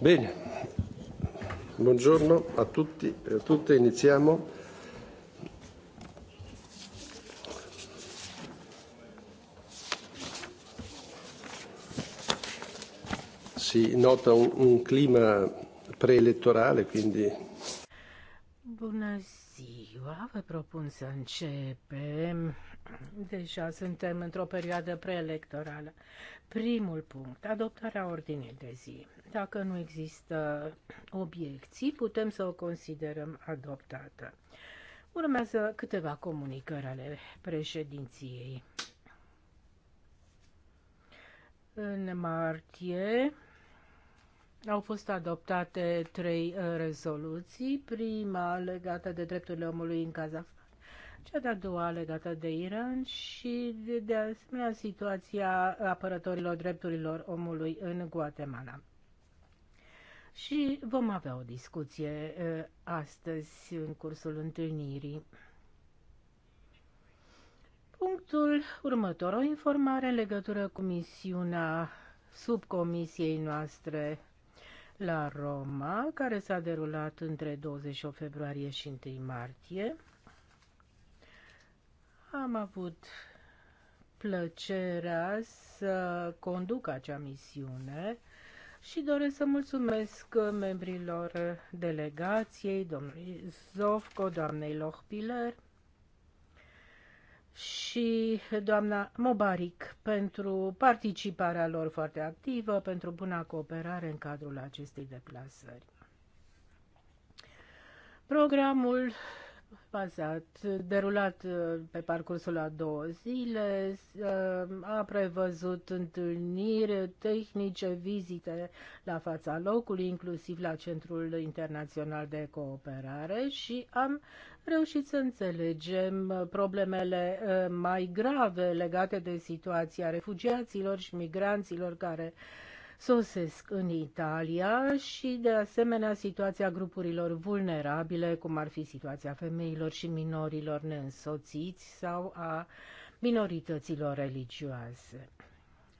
Bine. Buongiorno a tutti e a tutte, iniziamo. Si nota un, un clima preelettorale, quindi Bună ziua, vă propun să începem. Deja suntem într-o perioadă preelectorală. Primul punct, adoptarea ordinii de zi. Dacă nu există obiecții, putem să o considerăm adoptată. Urmează câteva comunicări ale președinției. În martie au fost adoptate trei uh, rezoluții. Prima legată de drepturile omului în Kazahstan, cea de-a doua legată de Iran și de, de asemenea situația apărătorilor drepturilor omului în Guatemala și vom avea o discuție astăzi în cursul întâlnirii. Punctul următor, o informare în legătură cu misiunea subcomisiei noastre la Roma, care s-a derulat între 28 februarie și 1 martie. Am avut plăcerea să conduc acea misiune și doresc să mulțumesc membrilor delegației, domnului Zovco, doamnei Lohpiler și doamna Mobaric pentru participarea lor foarte activă, pentru buna cooperare în cadrul acestei deplasări. Programul bazat, derulat uh, pe parcursul a două zile, uh, a prevăzut întâlniri tehnice, vizite la fața locului, inclusiv la Centrul Internațional de Cooperare și am reușit să înțelegem problemele uh, mai grave legate de situația refugiaților și migranților care sosesc în Italia și, de asemenea, situația grupurilor vulnerabile, cum ar fi situația femeilor și minorilor neînsoțiți sau a minorităților religioase.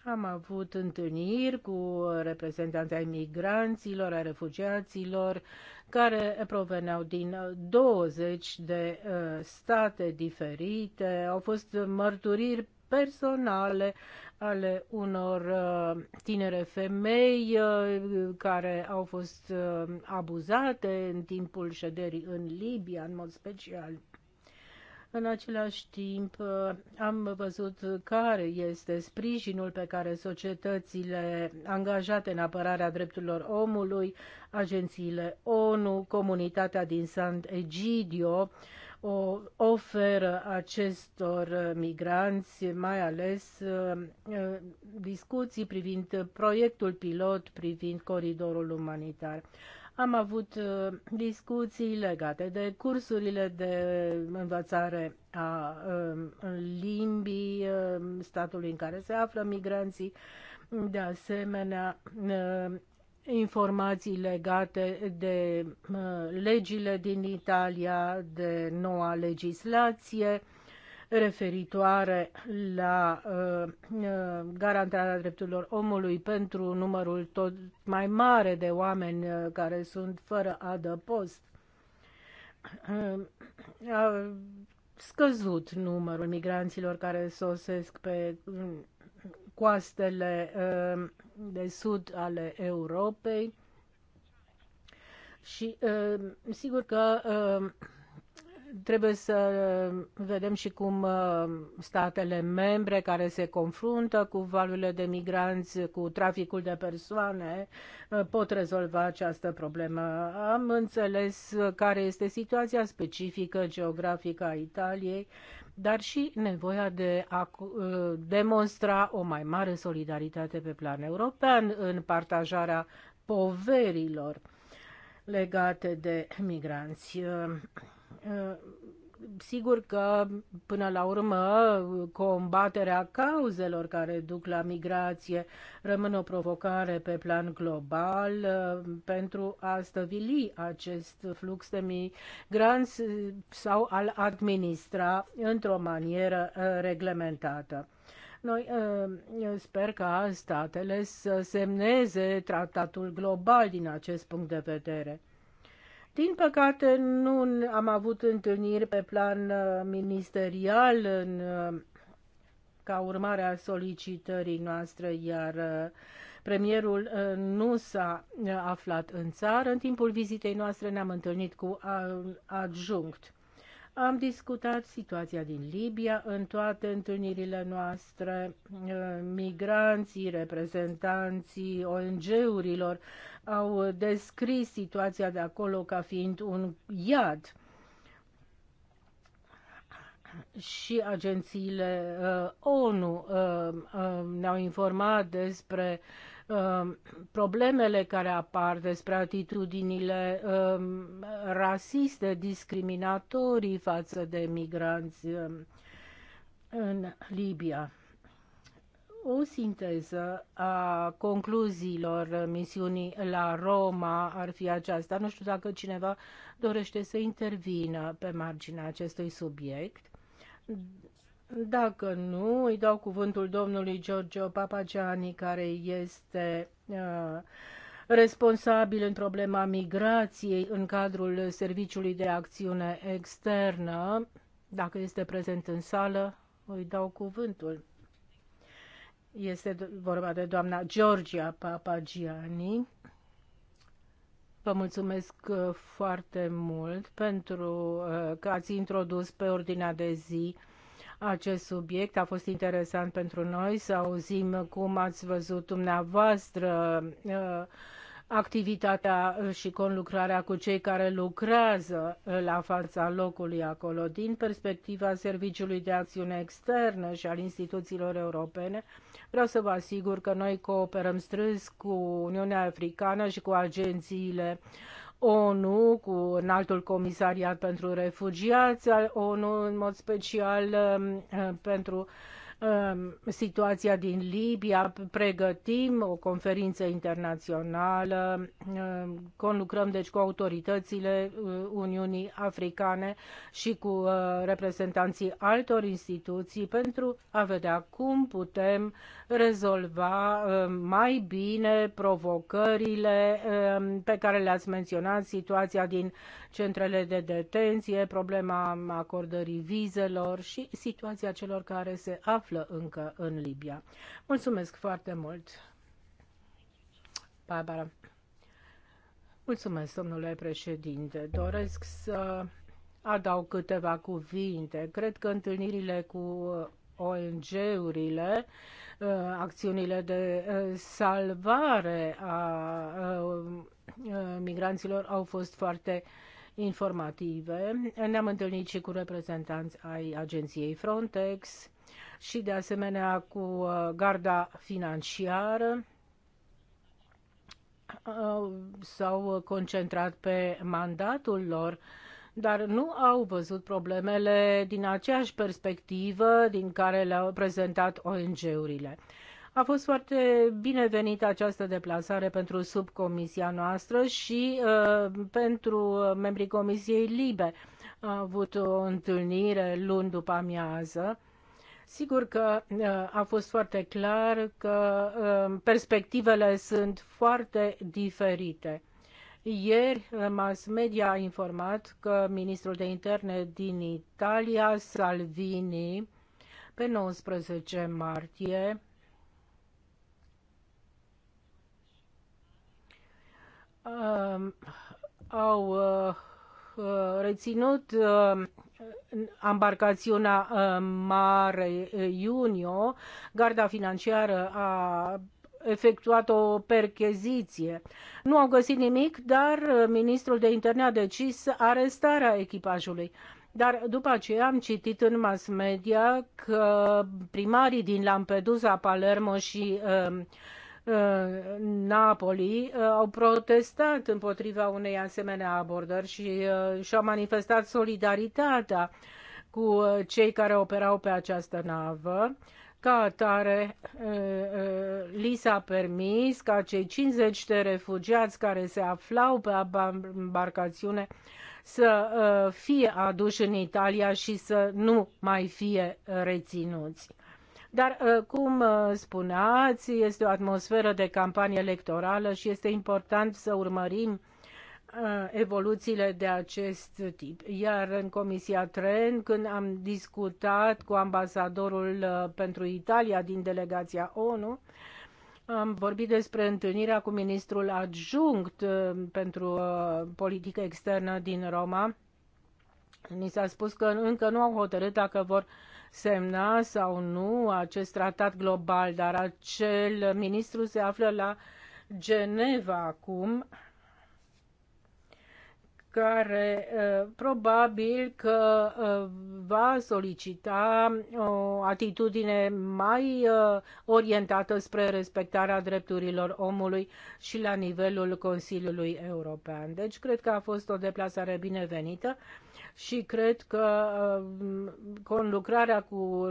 Am avut întâlniri cu reprezentanții ai migranților, ai refugiaților, care proveneau din 20 de uh, state diferite. Au fost mărturiri personale ale unor uh, tinere femei uh, care au fost uh, abuzate în timpul șederii în Libia, în mod special. În același timp, am văzut care este sprijinul pe care societățile angajate în apărarea drepturilor omului, agențiile ONU, comunitatea din San Egidio, o oferă acestor uh, migranți, mai ales uh, uh, discuții privind proiectul pilot, privind coridorul umanitar. Am avut discuții legate de cursurile de învățare a um, limbii um, statului în care se află migranții, de asemenea, informații legate de legile din Italia, de noua legislație referitoare la garantarea drepturilor omului pentru numărul tot mai mare de oameni care sunt fără adăpost. A scăzut numărul migranților care sosesc pe coastele ehm, de sud ale Europei și ehm, sigur că ehm, Trebuie să vedem și cum uh, statele membre care se confruntă cu valurile de migranți, cu traficul de persoane, uh, pot rezolva această problemă. Am înțeles care este situația specifică geografică a Italiei, dar și nevoia de a uh, demonstra o mai mare solidaritate pe plan european în partajarea poverilor legate de migranți. Uh, sigur că, până la urmă, combaterea cauzelor care duc la migrație rămâne o provocare pe plan global uh, pentru a stăvili acest flux de migranți uh, sau al administra într-o manieră reglementată. Noi sper ca statele să semneze tratatul global din acest punct de vedere. Din păcate, nu am avut întâlniri pe plan uh, ministerial în, uh, ca urmare a solicitării noastre, iar uh, premierul nu s-a aflat în țară. În timpul vizitei noastre ne-am întâlnit cu adjunct. Am discutat situația din Libia în toate întâlnirile noastre. Uh, migranții, reprezentanții ONG-urilor au descris situația de acolo ca fiind un iad. Și agențiile uh, ONU uh, ne-au informat despre uh, Um, problemele care apar despre atitudinile um, rasiste, discriminatorii față de migranți um, în Libia o sinteză a concluziilor misiunii la Roma ar fi aceasta. Nu știu dacă cineva dorește să intervină pe marginea acestui subiect. Dacă nu, îi dau cuvântul domnului Giorgio Papagiani, care este uh, responsabil în problema migrației în cadrul Serviciului de Acțiune Externă. Dacă este prezent în sală, îi dau cuvântul. Este vorba de doamna Georgia Papagiani. Vă mulțumesc uh, foarte mult pentru uh, că ați introdus pe ordinea de zi acest subiect. A fost interesant pentru noi să auzim cum ați văzut dumneavoastră uh, activitatea și conlucrarea cu cei care lucrează la fața locului acolo din perspectiva Serviciului de Acțiune Externă și al instituțiilor europene. Vreau să vă asigur că noi cooperăm strâns cu Uniunea Africană și cu agențiile ONU, cu înaltul comisariat pentru refugiați al ONU, în mod special um, uh, pentru um, situația din Libia, pregătim o conferință internațională, um, conlucrăm deci cu autoritățile uh, Uniunii Africane și cu uh, reprezentanții altor instituții pentru a vedea cum putem uh, rezolva uh, mai bine provocările um, pe care le-ați menționat, situația din centrele de detenție, problema acordării vizelor și situația celor care se află încă în Libia. Mulțumesc foarte mult, Barbara. Mulțumesc, domnule președinte. Doresc să adaug câteva cuvinte. Cred că întâlnirile cu ONG-urile Uh, acțiunile de uh, salvare a uh, migranților au fost foarte informative. Ne-am întâlnit și cu reprezentanți ai agenției Frontex și de asemenea cu garda financiară s-au concentrat pe mandatul lor dar nu au văzut problemele din aceeași perspectivă din care le-au prezentat ONG-urile. A fost foarte binevenită această deplasare pentru subcomisia noastră și uh, pentru membrii Comisiei Libe. A avut o întâlnire luni după amiază. Sigur că uh, a fost foarte clar că uh, perspectivele sunt foarte diferite. Ieri, mass media a informat că ministrul de interne din Italia, Salvini, pe 19 martie, um, au uh, uh, reținut uh, ambarcațiunea uh, Mare Junio, garda financiară a efectuat o percheziție. Nu au găsit nimic, dar uh, ministrul de interne a decis arestarea echipajului. Dar după aceea am citit în mass media că primarii din Lampedusa, Palermo și um, uh, Napoli uh, au protestat împotriva unei asemenea abordări și și-au manifestat solidaritatea cu cei care operau pe această navă ca atare, li s-a permis ca cei 50 de refugiați care se aflau pe embarcațiune să fie aduși în Italia și să nu mai fie reținuți. Dar, cum spuneați, este o atmosferă de campanie electorală și este important să urmărim Uh, evoluțiile de acest tip. Iar în Comisia Tren, când am discutat cu ambasadorul uh, pentru Italia din delegația ONU, am vorbit despre întâlnirea cu ministrul adjunct uh, pentru politică externă din Roma. Ni s-a spus că încă nu au hotărât dacă vor semna sau nu acest tratat global, dar acel ministru se află la Geneva acum care uh, probabil că uh, va solicita o atitudine mai uh, orientată spre respectarea drepturilor omului și la nivelul Consiliului European. Deci cred că a fost o deplasare binevenită și cred că uh, conlucrarea cu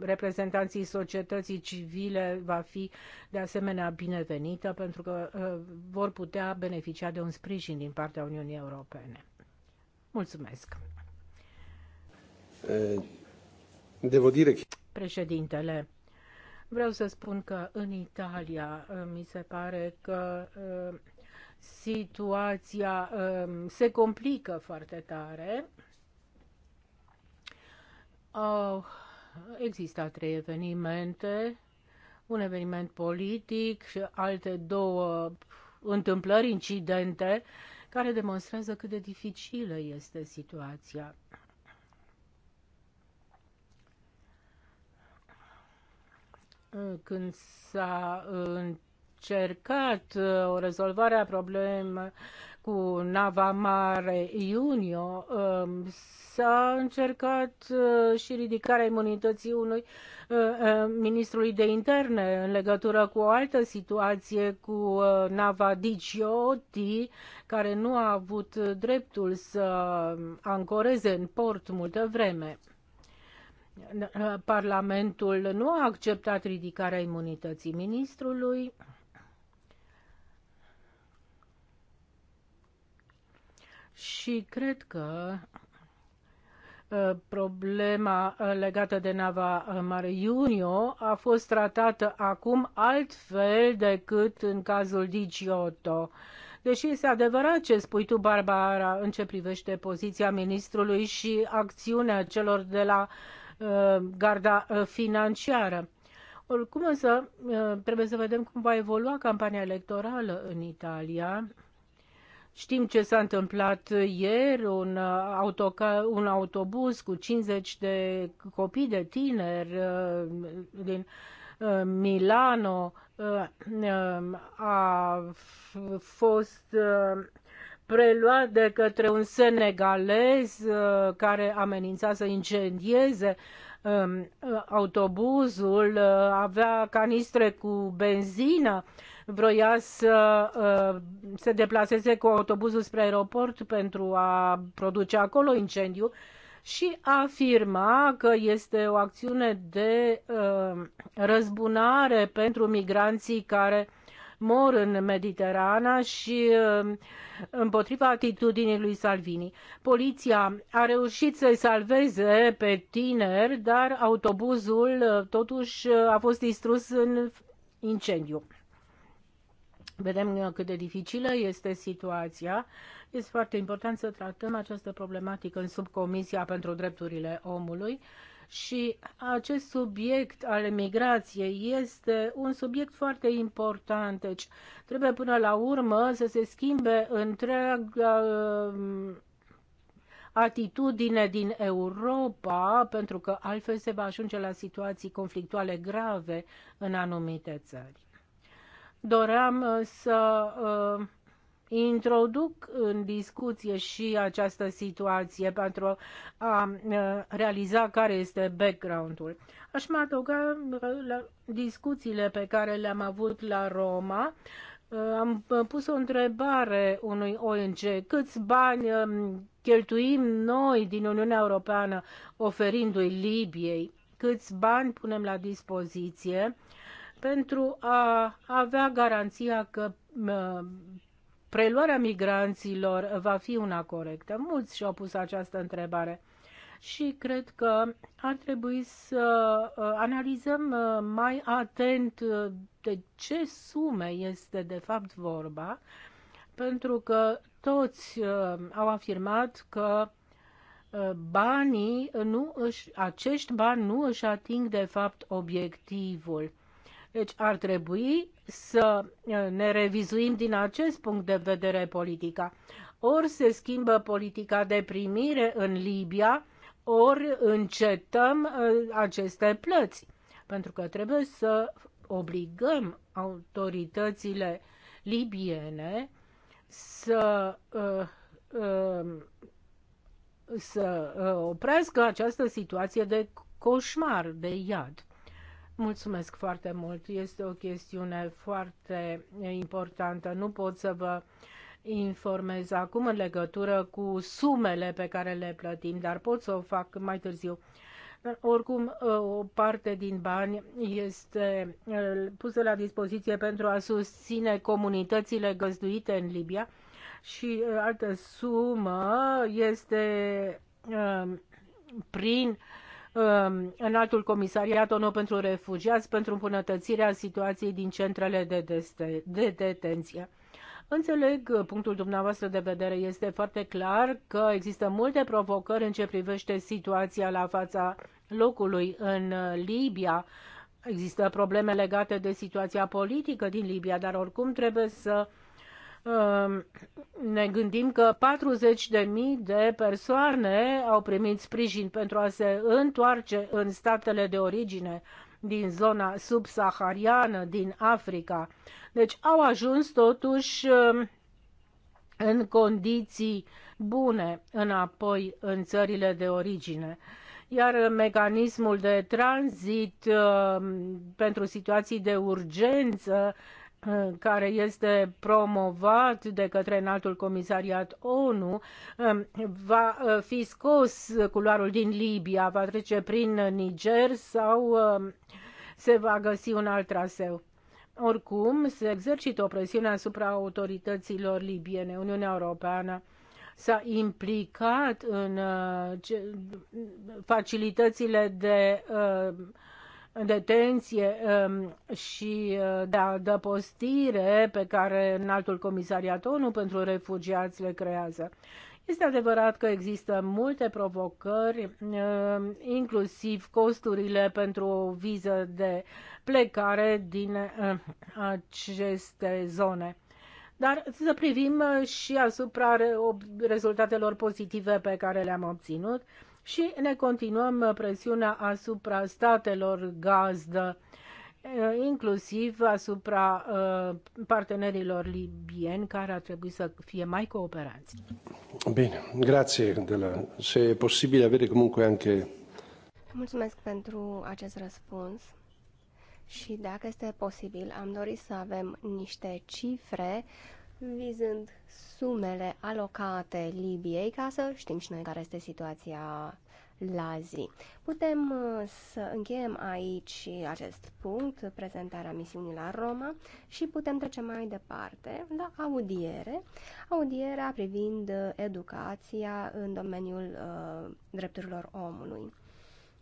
reprezentanții societății civile va fi de asemenea binevenită pentru că uh, vor putea beneficia de un sprijin din partea Uniunii Europene. Mulțumesc! Devo dire che... Președintele, vreau să spun că în Italia uh, mi se pare că situația um, se complică foarte tare. Au existat trei evenimente, un eveniment politic și alte două întâmplări, incidente, care demonstrează cât de dificilă este situația. Când s-a întâmplat încercat uh, o rezolvare a problemei cu nava mare Iunio um, s-a încercat uh, și ridicarea imunității unui uh, ministrului de interne în legătură cu o altă situație cu nava Digioti, care nu a avut dreptul să ancoreze în port multă vreme. Parlamentul nu a acceptat ridicarea imunității ministrului. și cred că uh, problema uh, legată de nava uh, Mare Junio a fost tratată acum altfel decât în cazul Digiotto. Deși este adevărat ce spui tu, Barbara, în ce privește poziția ministrului și acțiunea celor de la uh, garda financiară. Oricum însă, uh, trebuie să vedem cum va evolua campania electorală în Italia Știm ce s-a întâmplat ieri, un, uh, autoca- un autobuz cu 50 de copii de tineri uh, din uh, Milano um, a fost preluat de către un senegalez care amenința să incendieze um, autobuzul, avea canistre cu benzină vroia să uh, se deplaseze cu autobuzul spre aeroport pentru a produce acolo incendiu și afirma că este o acțiune de uh, răzbunare pentru migranții care mor în Mediterana și uh, împotriva atitudinii lui Salvini. Poliția a reușit să-i salveze pe tineri, dar autobuzul totuși a fost distrus în incendiu. Vedem uh, cât de dificilă este situația. Este foarte important să tratăm această problematică în subcomisia pentru drepturile omului și acest subiect al migrației este un subiect foarte important. Deci trebuie până la urmă să se schimbe întreaga uh, atitudine din Europa, pentru că altfel se va ajunge la situații conflictuale grave în anumite țări doream uh, să uh, introduc în discuție și această situație pentru a uh, realiza care este background-ul. Aș mai adăuga la discuțiile pe care le-am avut la Roma. Am pus o întrebare unui ONG. Câți bani um, cheltuim noi din Uniunea Europeană oferindu-i Libiei? Câți bani punem la dispoziție? Uh, pentru a avea garanția că preluarea migranților va fi una corectă. Mulți și-au pus această întrebare și cred că ar trebui să uh, analizăm uh, mai atent uh, de ce sume este de fapt vorba, pentru că toți au afirmat că banii nu își, acești bani nu își ating de fapt obiectivul. Deci ar trebui să ne revizuim din acest punct de vedere politica. Ori se schimbă politica de primire în Libia, ori încetăm aceste plăți. Pentru că trebuie să obligăm autoritățile libiene să, să oprească această situație de coșmar, de iad. Mulțumesc foarte mult. Este o chestiune foarte importantă. Nu pot să vă informez acum în legătură cu sumele pe care le plătim, dar pot să o fac mai târziu. Oricum, o parte din bani este pusă la dispoziție pentru a susține comunitățile găzduite în Libia și altă sumă este um, prin uh, Um, înaltul comisariat ONU pentru refugiați pentru îmbunătățirea situației din centrele de, deste, de detenție. Înțeleg, uh, punctul dumneavoastră de vedere este foarte clar că există multe provocări în ce privește situația la fața locului în uh, Libia. Există probleme legate de situația politică din Libia, dar oricum trebuie să uh, Um, ne gândim că 40.000 de persoane au primit sprijin pentru a se întoarce în statele de origine din zona subsahariană, din Africa. Deci au ajuns totuși um, în condiții bune înapoi în țările de origine. Iar mecanismul de tranzit um, pentru situații de urgență care este promovat de către înaltul comisariat ONU, um, va uh, fi scos culoarul din Libia, va trece prin Niger sau um, se va găsi un alt traseu. Oricum, se exercită o presiune asupra autorităților libiene. Uniunea Europeană s-a implicat în uh, facilitățile de uh, în detenție um, și uh, de adăpostire pe care înaltul comisariat ONU pentru refugiați le creează. Este adevărat că există multe provocări, um, inclusiv costurile pentru o viză de plecare din uh, aceste zone. Dar să privim uh, și asupra rezultatelor pozitive pe care le-am obținut și ne continuăm presiunea asupra statelor gazdă, eh, inclusiv asupra eh, partenerilor libieni care ar trebui să fie mai cooperanți. Bine, De la... Se e posibil avere comunque anche... Mulțumesc pentru acest răspuns. Și dacă este posibil, am dorit să avem niște cifre vizând sumele alocate Libiei, ca să știm și noi care este situația la zi. Putem uh, să încheiem aici acest punct, prezentarea misiunii la Roma și putem trece mai departe la audiere, audierea privind educația în domeniul uh, drepturilor omului.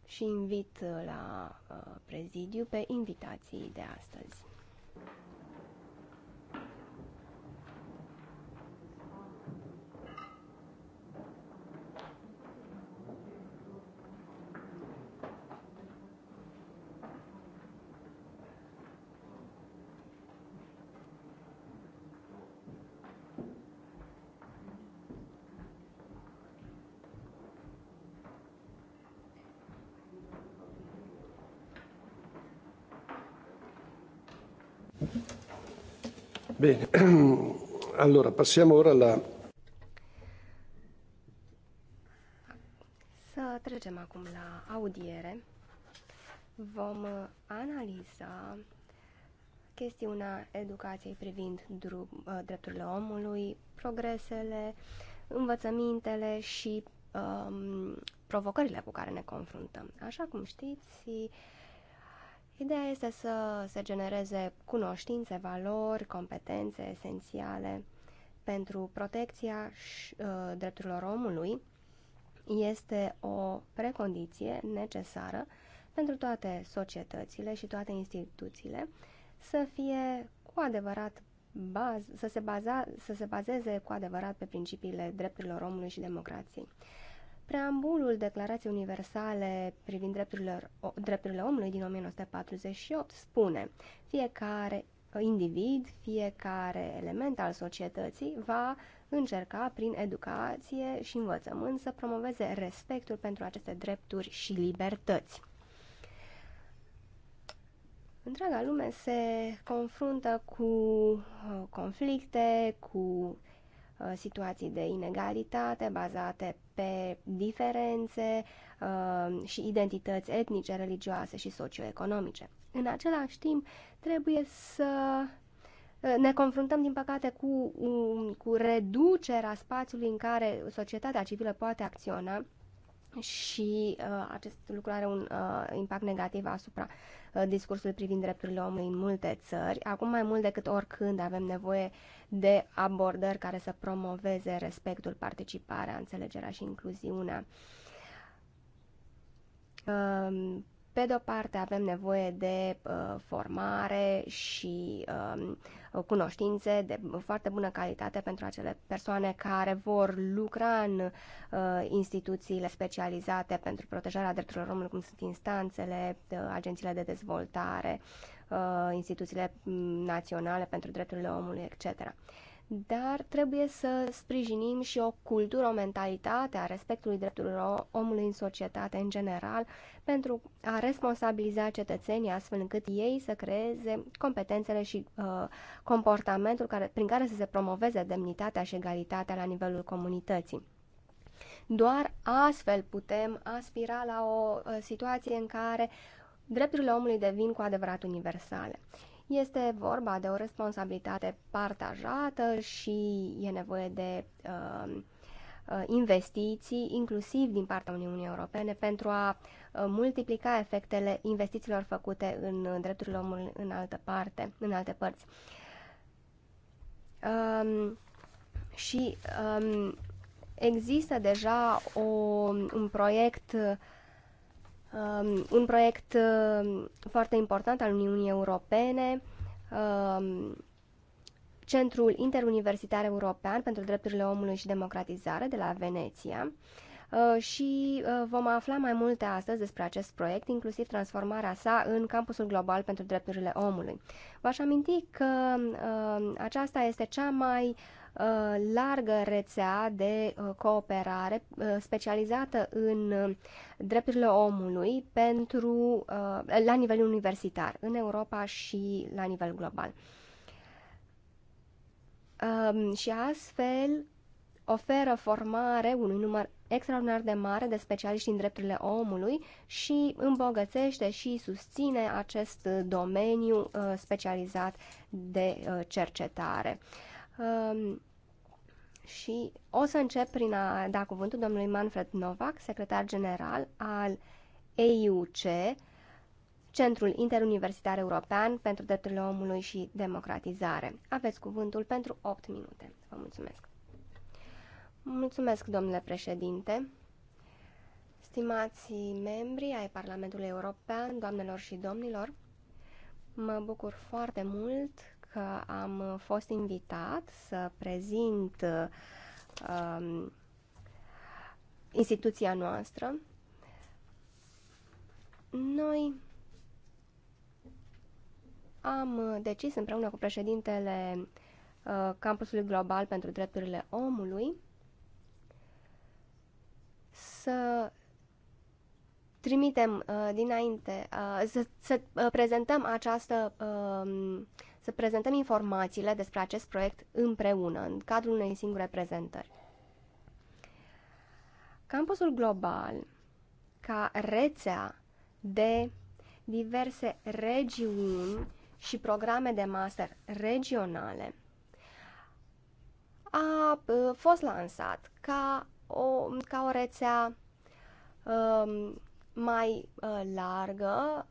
Și invit uh, la uh, prezidiu pe invitații de astăzi. Bine. Allora, passiamo ora la... Să trecem acum la audiere. Vom analiza chestiunea educației privind ă, drepturile omului, progresele, învățămintele și um, provocările cu care ne confruntăm. Așa cum știți, Ideea este să se genereze cunoștințe, valori, competențe esențiale pentru protecția uh, drepturilor omului. Este o precondiție necesară pentru toate societățile și toate instituțiile să fie cu adevărat baz, să, se baza, să se bazeze cu adevărat pe principiile drepturilor omului și democrației preambulul Declarației Universale privind drepturile, drepturile omului din 1948 spune fiecare individ, fiecare element al societății va încerca prin educație și învățământ să promoveze respectul pentru aceste drepturi și libertăți. Întreaga lume se confruntă cu uh, conflicte, cu Uh, situații de inegalitate bazate pe diferențe uh, și identități etnice, religioase și socioeconomice. În același timp, trebuie să uh, ne confruntăm, din păcate, cu, cu reducerea spațiului în care societatea civilă poate acționa și uh, acest lucru are un uh, impact negativ asupra Uh, discursul privind drepturile omului în multe țări. Acum mai mult decât oricând avem nevoie de abordări care să promoveze respectul, participarea, înțelegerea și incluziunea uh, pe de-o parte avem nevoie de uh, formare și um, uh, cunoștințe de foarte bună calitate pentru acele persoane care vor lucra în uh, instituțiile specializate pentru protejarea drepturilor omului, cum sunt instanțele, uh, agențiile de dezvoltare, uh, instituțiile mm, naționale pentru drepturile omului, etc dar trebuie să sprijinim și o cultură, o mentalitate a respectului drepturilor omului în societate în general, pentru a responsabiliza cetățenii astfel încât ei să creeze competențele și uh, comportamentul care, prin care să se promoveze demnitatea și egalitatea la nivelul comunității. Doar astfel putem aspira la o uh, situație în care drepturile omului devin cu adevărat universale. Este vorba de o responsabilitate partajată și e nevoie de uh, uh investiții, inclusiv din partea Uniunii Europene, pentru a uh, multiplica efectele investițiilor făcute în drepturile omului în altă parte, în alte părți. Um, și um, există deja o, un proiect uh, um, un proiect um, foarte important al Uniunii Europene, um, Centrul Interuniversitar European pentru Drepturile Omului și Democratizare de la Veneția. Uh, și uh, vom afla mai multe astăzi despre acest proiect, inclusiv transformarea sa în campusul global pentru drepturile omului. V-aș aminti că uh, aceasta este cea mai uh, Uh, largă rețea de uh, cooperare uh, specializată în drepturile omului pentru, la nivel universitar, în Europa și la nivel global. Um, și astfel oferă formare unui număr extraordinar de mare de specialiști în drepturile omului și îmbogățește și susține acest domeniu specializat de cercetare. Um, și o să încep prin a da cuvântul domnului Manfred Novak, secretar general al EUC, Centrul Interuniversitar European pentru Drepturile Omului și Democratizare. Aveți cuvântul pentru 8 minute. Vă mulțumesc. Mulțumesc, domnule președinte. Stimați membri ai Parlamentului European, doamnelor și domnilor, mă bucur foarte mult că am fost invitat să prezint um, instituția noastră. Noi am decis împreună cu președintele uh, Campusului Global pentru Drepturile Omului să trimitem uh, dinainte, uh, să, să uh, prezentăm această uh, să prezentăm informațiile despre acest proiect împreună, în cadrul unei singure prezentări. Campusul global, ca rețea de diverse regiuni și programe de master regionale, a ă, fost lansat ca o, ca o rețea um, mai uh, largă,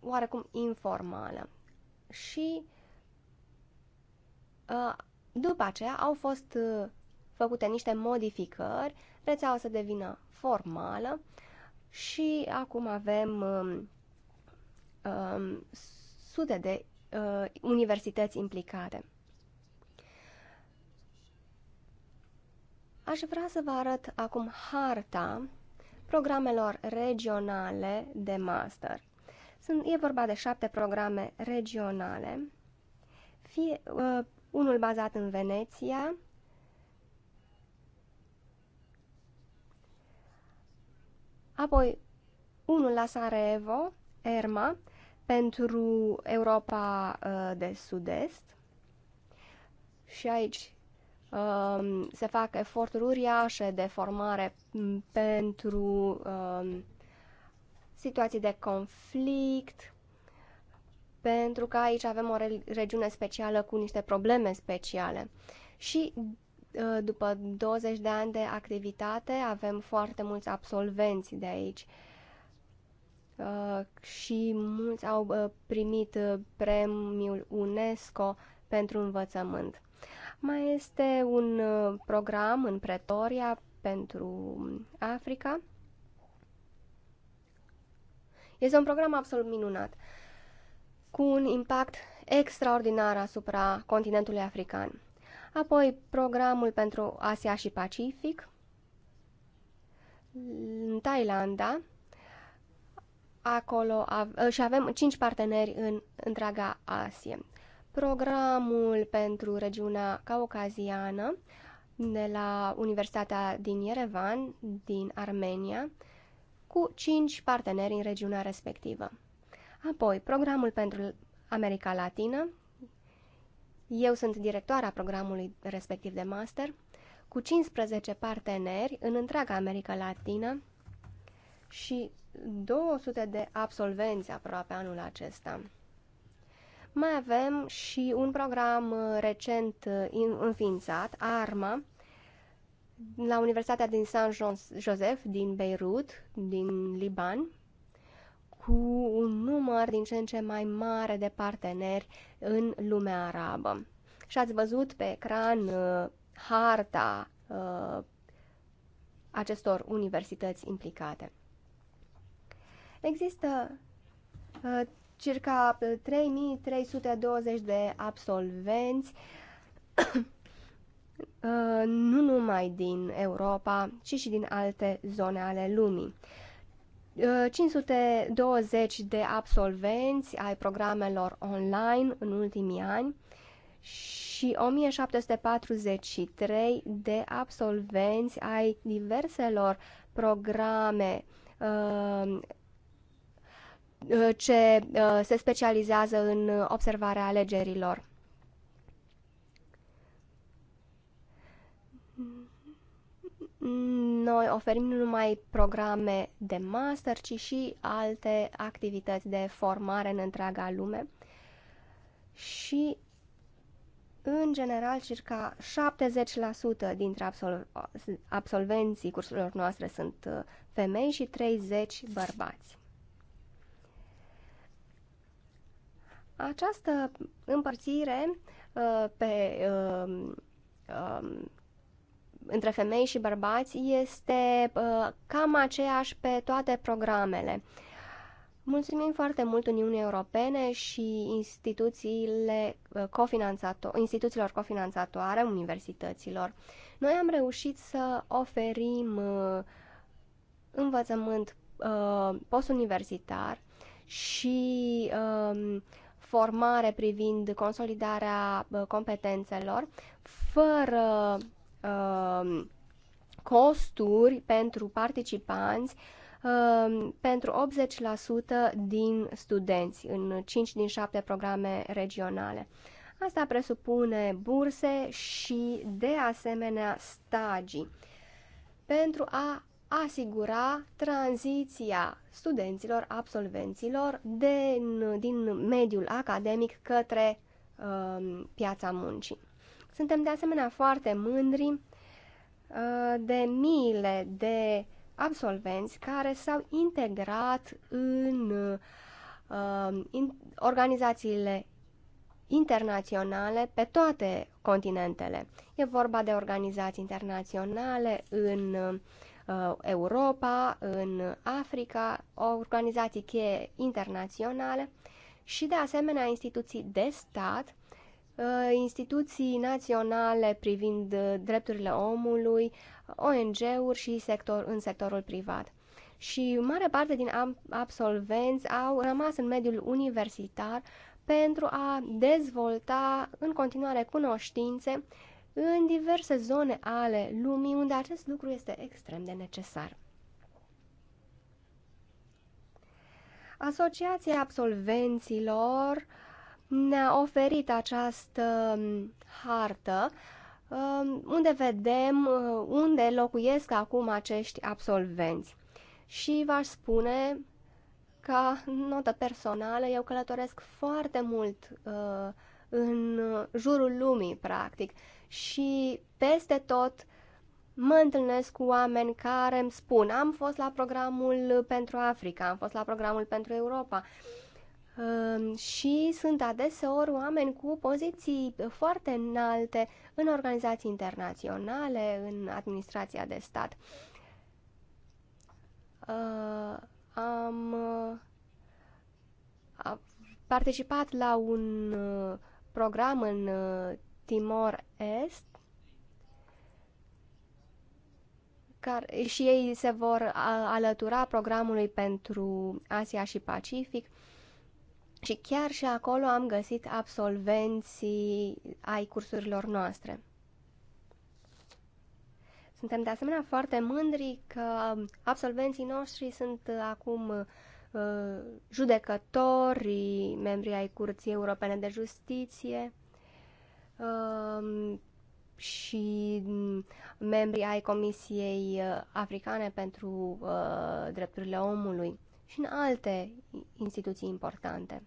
oarecum informală și ă, după aceea au fost ă, făcute niște modificări, rețeaua să devină formală și acum avem ă, sute de uh, universități implicate. Aș vrea să vă arăt acum harta programelor regionale de master. Sunt, e vorba de șapte programe regionale, fie, uh, unul bazat în Veneția, apoi unul la Sarajevo, ERMA, pentru Europa uh, de Sud-Est. Și aici uh, se fac eforturi uriașe de formare pentru uh, situații de conflict, pentru că aici avem o regiune specială cu niște probleme speciale. Și ă, după 20 de ani de activitate avem foarte mulți absolvenți de aici ă, și mulți au ă, primit premiul UNESCO pentru învățământ. Mai este un program în Pretoria pentru Africa este un program absolut minunat, cu un impact extraordinar asupra continentului african. Apoi, programul pentru Asia și Pacific, în Thailanda, acolo av- și avem cinci parteneri în întreaga Asie. Programul pentru regiunea caucaziană de la Universitatea din Yerevan, din Armenia, cu cinci parteneri în regiunea respectivă. Apoi, programul pentru America Latină. Eu sunt directoarea programului respectiv de master, cu 15 parteneri în întreaga America Latină și 200 de absolvenți aproape anul acesta. Mai avem și un program recent uh, înființat, ARMA, la Universitatea din Saint-Joseph din Beirut, din Liban, cu un număr din ce în ce mai mare de parteneri în lumea arabă. Și ați văzut pe ecran uh, harta uh, acestor universități implicate. Există uh, circa 3320 de absolvenți Uh, nu numai din Europa, ci și din alte zone ale lumii. 520 uh, de absolvenți ai programelor online în ultimii ani și 1743 de absolvenți ai diverselor programe uh, ce se specializează în observarea alegerilor. Noi oferim nu numai programe de master, ci și alte activități de formare în întreaga lume. Și, în general, circa 70% dintre absol- absolvenții cursurilor noastre sunt uh, femei și 30 bărbați. Această împărțire uh, pe uh, um, între femei și bărbați este uh, cam aceeași pe toate programele. Mulțumim foarte mult Uniunii Europene și instituțiile uh, cofinanțato- instituțiilor cofinanțatoare, universităților. Noi am reușit să oferim uh, învățământ uh, postuniversitar și uh, formare privind consolidarea uh, competențelor, fără Um, costuri pentru participanți um, pentru 80% din studenți în 5 din 7 programe regionale. Asta presupune burse și, de asemenea, stagii pentru a asigura tranziția studenților, absolvenților din, din mediul academic către uh, piața muncii. Suntem de asemenea foarte mândri uh, de miile de absolvenți care s-au integrat în, uh, organizațiile internaționale pe toate continentele. E vorba de organizații internaționale în uh, Europa, în Africa, organizații cheie internaționale și de asemenea instituții de stat Uh, instituții naționale privind uh, drepturile omului, uh, ONG-uri și sector, în sectorul privat. Și mare parte din absolvenți au rămas în mediul universitar pentru a dezvolta în continuare cunoștințe în diverse zone ale lumii unde acest lucru este extrem de necesar. Asociația absolvenților uh, ne-a oferit această um, hartă um, unde vedem uh, unde locuiesc acum acești absolvenți. Și v-aș spune, ca notă personală, eu călătoresc foarte mult uh, în jurul lumii, practic, și peste tot mă întâlnesc cu oameni care îmi spun am fost la programul pentru Africa, am fost la programul pentru Europa, Ehm, și sunt adeseori oameni cu poziții foarte înalte în organizații internaționale, în administrația de stat. Ehm, am participat la un uh, program în uh, Timor Est care, și ei se vor alătura programului pentru Asia și Pacific și chiar și acolo am găsit absolvenții ai cursurilor noastre. Suntem de asemenea foarte mândri că absolvenții noștri sunt acum uh, judecători, membri ai Curții Europene de Justiție um, și membri ai Comisiei uh, Africane pentru uh, Drepturile Omului și în alte instituții importante.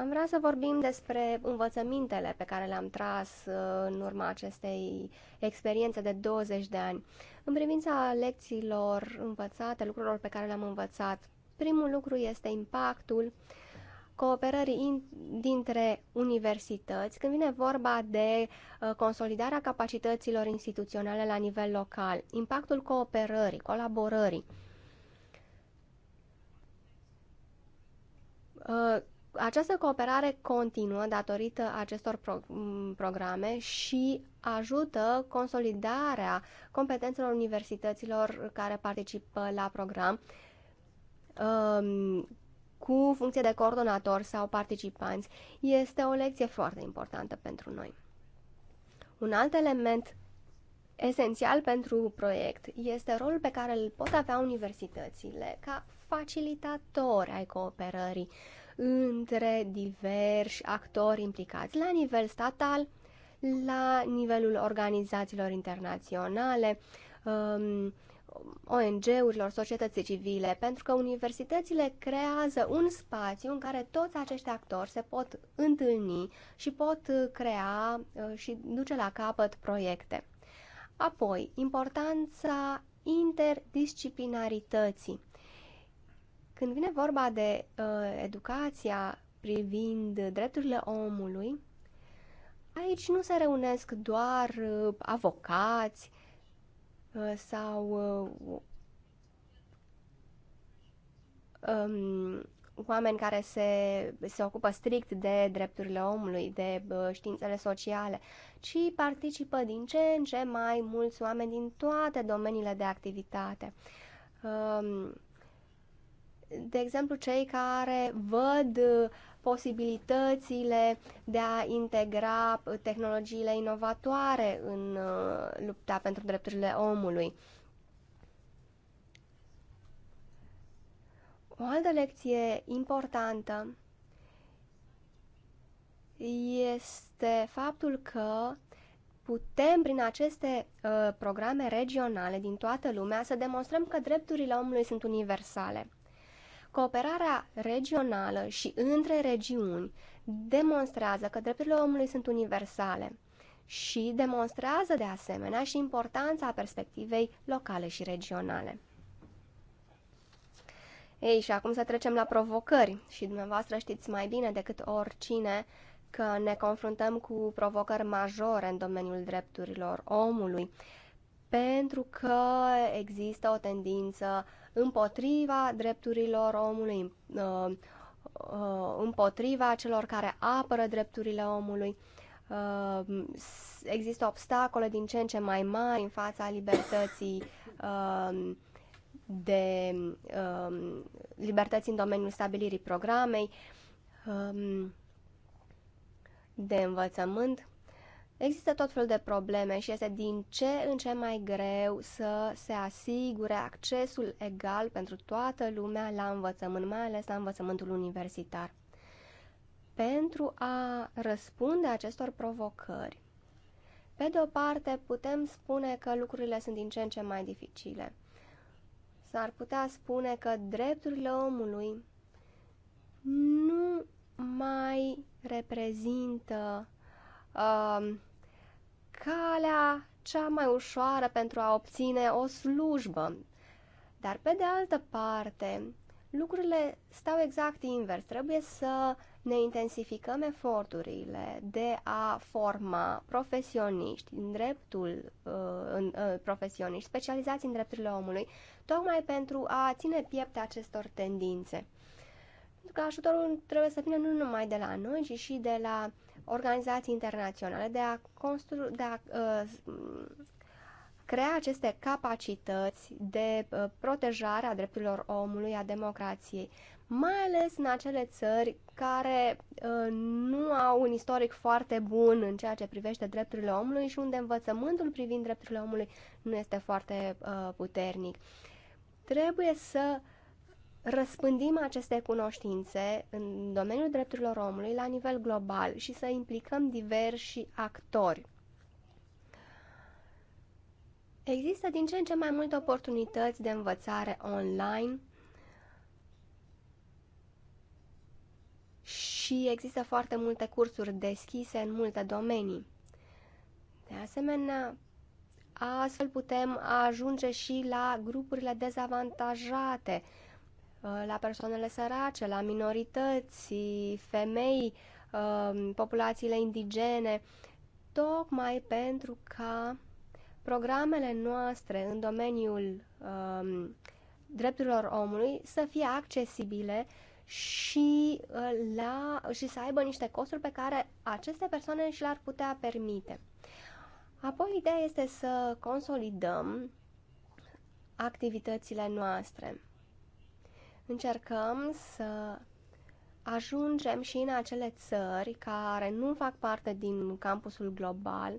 Am vrea să vorbim despre învățămintele pe care le-am tras uh, în urma acestei experiențe de 20 de ani. În privința lecțiilor învățate, lucrurilor pe care le-am învățat, primul lucru este impactul cooperării dintre universități când vine vorba de uh, consolidarea capacităților instituționale la nivel local, impactul cooperării, colaborării. Uh, această cooperare continuă datorită acestor pro programe și ajută consolidarea competențelor universităților care participă la program um, cu funcție de coordonator sau participanți. Este o lecție foarte importantă pentru noi. Un alt element esențial pentru proiect este rolul pe care îl pot avea universitățile ca facilitatori ai cooperării între diversi actori implicați la nivel statal, la nivelul organizațiilor internaționale, um, ONG-urilor, societății civile, pentru că universitățile creează un spațiu în care toți acești actori se pot întâlni și pot crea uh, și duce la capăt proiecte. Apoi, importanța interdisciplinarității. Când vine vorba de uh, educația privind drepturile omului, aici nu se reunesc doar uh, avocați uh, sau uh, um, oameni care se, se ocupă strict de drepturile omului, de uh, științele sociale, ci participă din ce în ce mai mulți oameni din toate domeniile de activitate. Um, de exemplu, cei care văd uh, posibilitățile de a integra uh, tehnologiile inovatoare în uh, lupta pentru drepturile omului. O altă lecție importantă este faptul că putem, prin aceste uh, programe regionale din toată lumea, să demonstrăm că drepturile omului sunt universale. Cooperarea regională și între regiuni demonstrează că drepturile omului sunt universale și demonstrează de asemenea și importanța perspectivei locale și regionale. Ei, și acum să trecem la provocări și dumneavoastră știți mai bine decât oricine că ne confruntăm cu provocări majore în domeniul drepturilor omului pentru că există o tendință împotriva drepturilor omului, uh, uh, împotriva celor care apără drepturile omului. Uh, există obstacole din ce în ce mai mari în fața libertății de libertății în domeniul stabilirii programei, de învățământ. Există tot felul de probleme și este din ce în ce mai greu să se asigure accesul egal pentru toată lumea la învățământ, mai ales la învățământul universitar. Pentru a răspunde acestor provocări, pe de o parte putem spune că lucrurile sunt din ce în ce mai dificile. S-ar putea spune că drepturile omului nu mai reprezintă calea cea mai ușoară pentru a obține o slujbă. Dar, pe de altă parte, lucrurile stau exact invers. Trebuie să ne intensificăm eforturile de a forma profesioniști în dreptul uh, în, în, uh, profesioniști specializați în drepturile omului, tocmai pentru a ține piept acestor tendințe. Pentru că ajutorul trebuie să vină nu numai de la noi, ci și de la organizații internaționale de a, constru, de a uh, mm, crea aceste capacități de uh, protejare a drepturilor omului, a democrației, mai ales în acele țări care uh, nu au un istoric foarte bun în ceea ce privește drepturile omului și unde învățământul privind drepturile omului nu este foarte uh, puternic. Trebuie să uh, răspândim aceste cunoștințe în domeniul drepturilor omului la nivel global și să implicăm diversi actori. Există din ce în ce mai multe oportunități de învățare online și există foarte multe cursuri deschise în multe domenii. De asemenea, astfel putem ajunge și la grupurile dezavantajate, Uh, la persoanele sărace, la minorități, femei, uh, populațiile indigene, tocmai pentru ca programele noastre în domeniul um, drepturilor omului să fie accesibile și, uh, la, și să aibă niște costuri pe care aceste persoane și le-ar putea permite. Apoi, ideea este să consolidăm activitățile noastre. Încercăm să ajungem și în acele țări care nu fac parte din campusul global.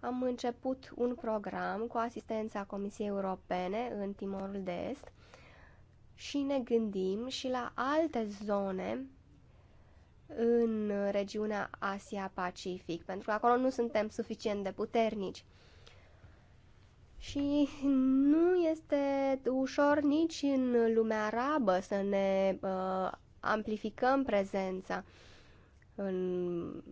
Am început un program cu asistența Comisiei Europene în Timorul de Est și ne gândim și la alte zone în regiunea Asia-Pacific, pentru că acolo nu suntem suficient de puternici. Și nu este ușor nici în lumea arabă să ne uh, amplificăm prezența în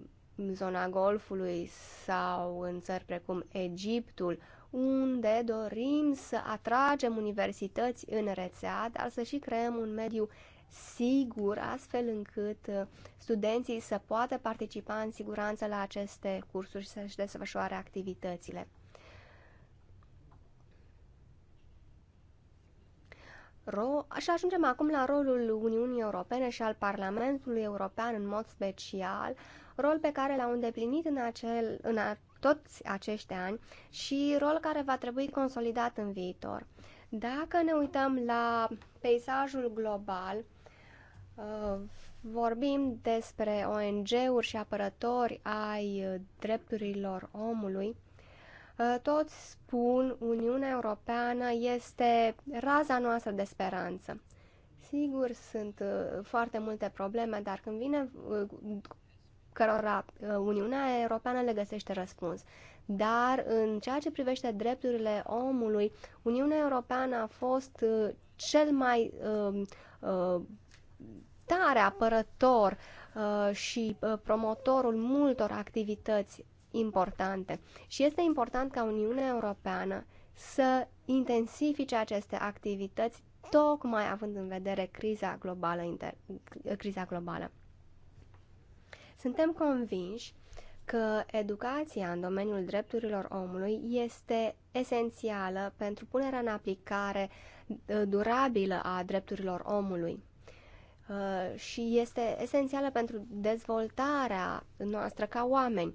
zona Golfului sau în țări precum Egiptul, unde dorim să atragem universități în rețea, dar să și creăm un mediu sigur, astfel încât uh, studenții să poată participa în siguranță la aceste cursuri și să-și desfășoare activitățile. Ro, și ajungem acum la rolul Uniunii Europene și al Parlamentului European în mod special, rol pe care l-au îndeplinit în, acel, în a, toți acești ani și rol care va trebui consolidat în viitor. Dacă ne uităm la peisajul global, uh, vorbim despre ONG-uri și apărători ai drepturilor omului, Uh, toți spun, Uniunea Europeană este raza noastră de speranță. Sigur, sunt uh, foarte multe probleme, dar când vine uh, cărora Uniunea Europeană le găsește răspuns. Dar în ceea ce privește drepturile omului, Uniunea Europeană a fost cel mai uh, uh, tare apărător uh, și promotorul multor activități importante. Și este important ca Uniunea Europeană să intensifice aceste activități, tocmai având în vedere criza globală. Inter, criza globală. Suntem convinși că educația în domeniul drepturilor omului este esențială pentru punerea în aplicare uh, durabilă a drepturilor omului uh, și este esențială pentru dezvoltarea noastră ca oameni.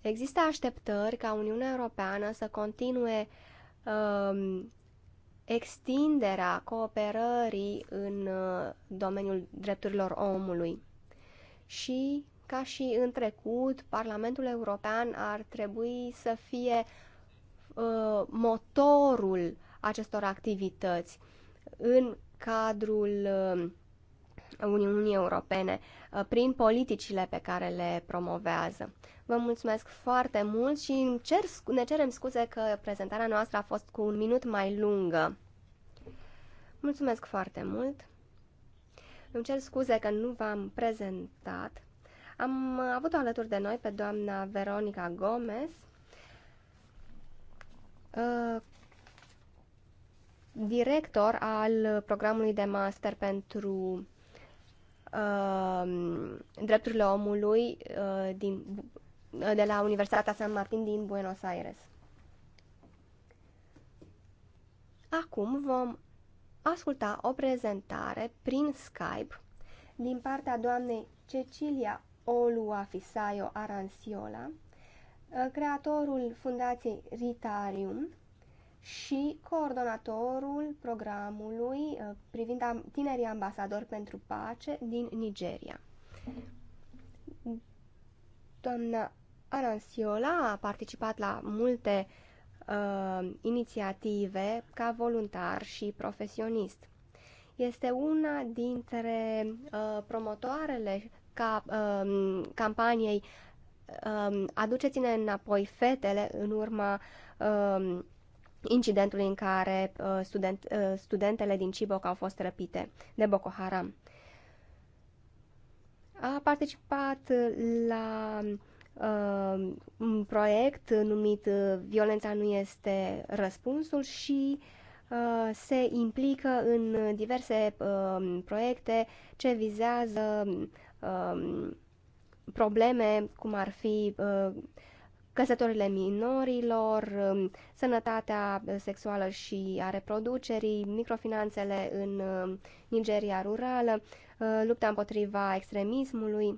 Există așteptări ca Uniunea Europeană să continue um, extinderea cooperării în uh, domeniul drepturilor omului. Și, ca și în trecut, Parlamentul European ar trebui să fie uh, motorul acestor activități în cadrul uh, Uniunii Europene. Uh, prin politicile pe care le promovează. Vă mulțumesc foarte mult și cer, ne cerem scuze că prezentarea noastră a fost cu un minut mai lungă. Mulțumesc foarte mult! Îmi cer scuze că nu v-am prezentat. Am uh, avut alături de noi pe doamna Veronica Gomez, uh, director al programului de master pentru Uh, drepturile omului uh, din, uh, de la Universitatea San Martin din Buenos Aires. Acum vom asculta o prezentare prin Skype din partea doamnei Cecilia Oluafisaio Aranciola, creatorul fundației Ritarium, și coordonatorul programului uh, privind tinerii ambasadori pentru pace din Nigeria. Doamna Aransiola a participat la multe uh, inițiative ca voluntar și profesionist. Este una dintre uh, promotoarele ca, uh, campaniei uh, Aduceți-ne înapoi fetele în urma uh, incidentul în care uh, student, uh, studentele din Chibok au fost răpite de Boko Haram. A participat la uh, un proiect numit uh, Violența nu este răspunsul și uh, se implică în diverse uh, proiecte ce vizează uh, probleme cum ar fi uh, căsătorile minorilor, um, sănătatea sexuală și a reproducerii, microfinanțele în um, Nigeria rurală, uh, lupta împotriva extremismului,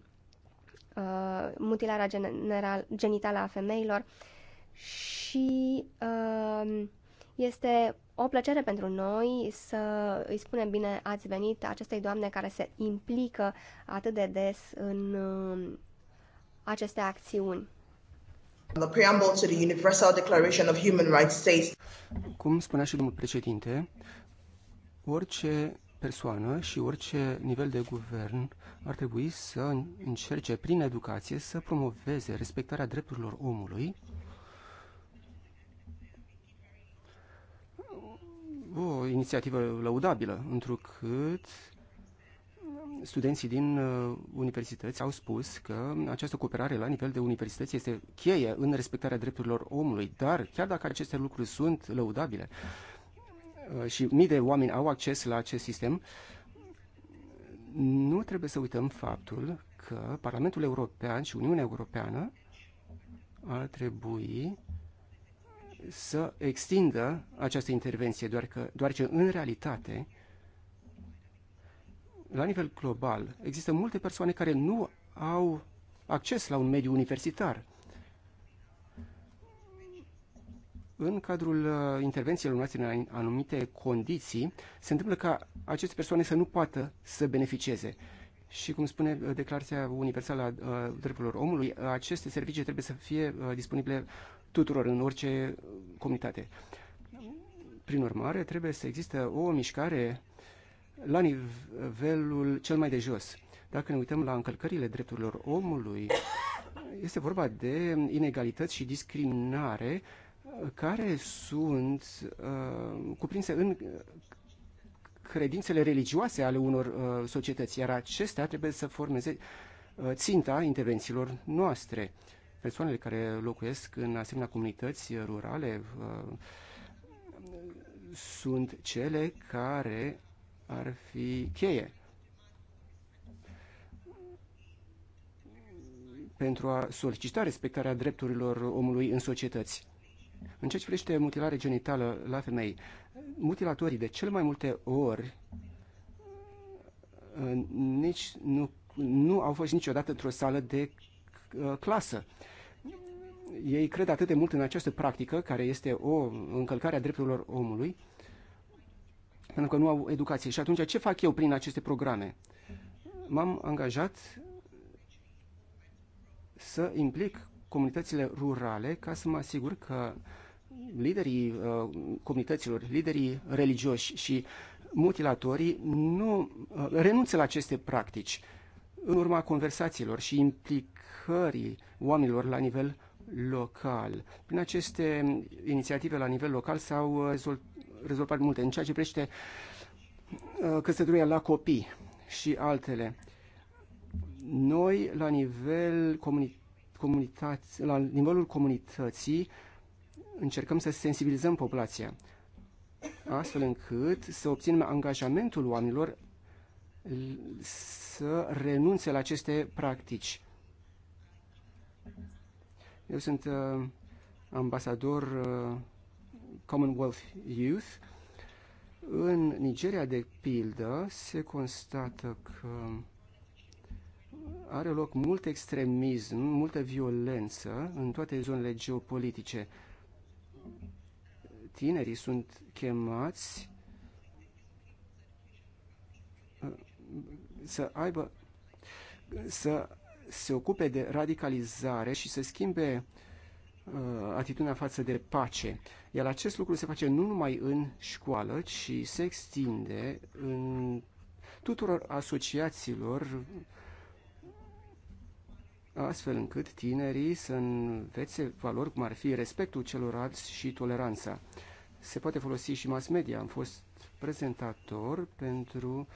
uh, mutilarea general, genitală a femeilor și um, este o plăcere pentru noi să îi spunem bine ați venit acestei doamne care se implică atât de des în aceste acțiuni. The preamble to the Universal Declaration of Human Rights states Cum spunea și domnul președinte, orice persoană și orice nivel de guvern ar trebui să încerce prin educație să promoveze respectarea drepturilor omului o inițiativă lăudabilă, întrucât studenții din uh, universități au spus că această cooperare la nivel de universități este cheie în respectarea drepturilor omului, dar chiar dacă aceste lucruri sunt lăudabile uh, și mii de oameni au acces la acest sistem, nu trebuie să uităm faptul că Parlamentul European și Uniunea Europeană ar trebui să extindă această intervenție, doar, că, doar că în realitate la nivel global, există multe persoane care nu au acces la un mediu universitar. În cadrul uh, intervențiilor noastre în anumite condiții, se întâmplă ca aceste persoane să nu poată să beneficieze. Și cum spune uh, Declarația Universală a uh, Drepturilor Omului, aceste servicii trebuie să fie disponibile tuturor în orice comunitate. Prin urmare, trebuie să existe o mișcare la nivelul cel mai de jos. Dacă ne uităm la încălcările drepturilor omului, este vorba de inegalități și discriminare uh, care sunt uh, cuprinse în credințele religioase ale unor uh, societăți, iar acestea trebuie să formeze uh, ținta intervențiilor noastre. Persoanele care locuiesc în asemenea comunități rurale uh, sunt cele care ar fi cheie pentru a solicita respectarea drepturilor omului în societăți. În ceea ce privește mutilare genitală la femei, mutilatorii de cel mai multe ori uh, nici nu, nu au fost niciodată într-o sală de uh, clasă. Ei cred atât de mult în această practică, care este o încălcare a drepturilor omului, pentru că nu au educație. Și atunci ce fac eu prin aceste programe? M-am angajat să implic comunitățile rurale ca să mă asigur că liderii uh, comunităților, liderii religioși și mutilatorii nu uh, renunță la aceste practici în urma conversațiilor și implicării oamenilor la nivel local. Prin aceste inițiative la nivel local s-au uh, rezolvat multe. În ceea ce privește uh, căsătoria la copii și altele, noi, la nivel comuni la nivelul comunității, încercăm să sensibilizăm populația, astfel încât să obținem angajamentul oamenilor să renunțe la aceste practici. Eu sunt uh, ambasador uh, Commonwealth Youth. În Nigeria, de pildă, se constată că are loc mult extremism, multă violență în toate zonele geopolitice. Tinerii sunt chemați uh, să aibă să se ocupe de radicalizare și să schimbe Uh, atitudinea față de pace. Iar acest lucru se face nu numai în școală, ci se extinde în tuturor asociațiilor astfel încât tinerii să învețe valori cum ar fi respectul celorlalți și toleranța. Se poate folosi și mass media. Am fost prezentator pentru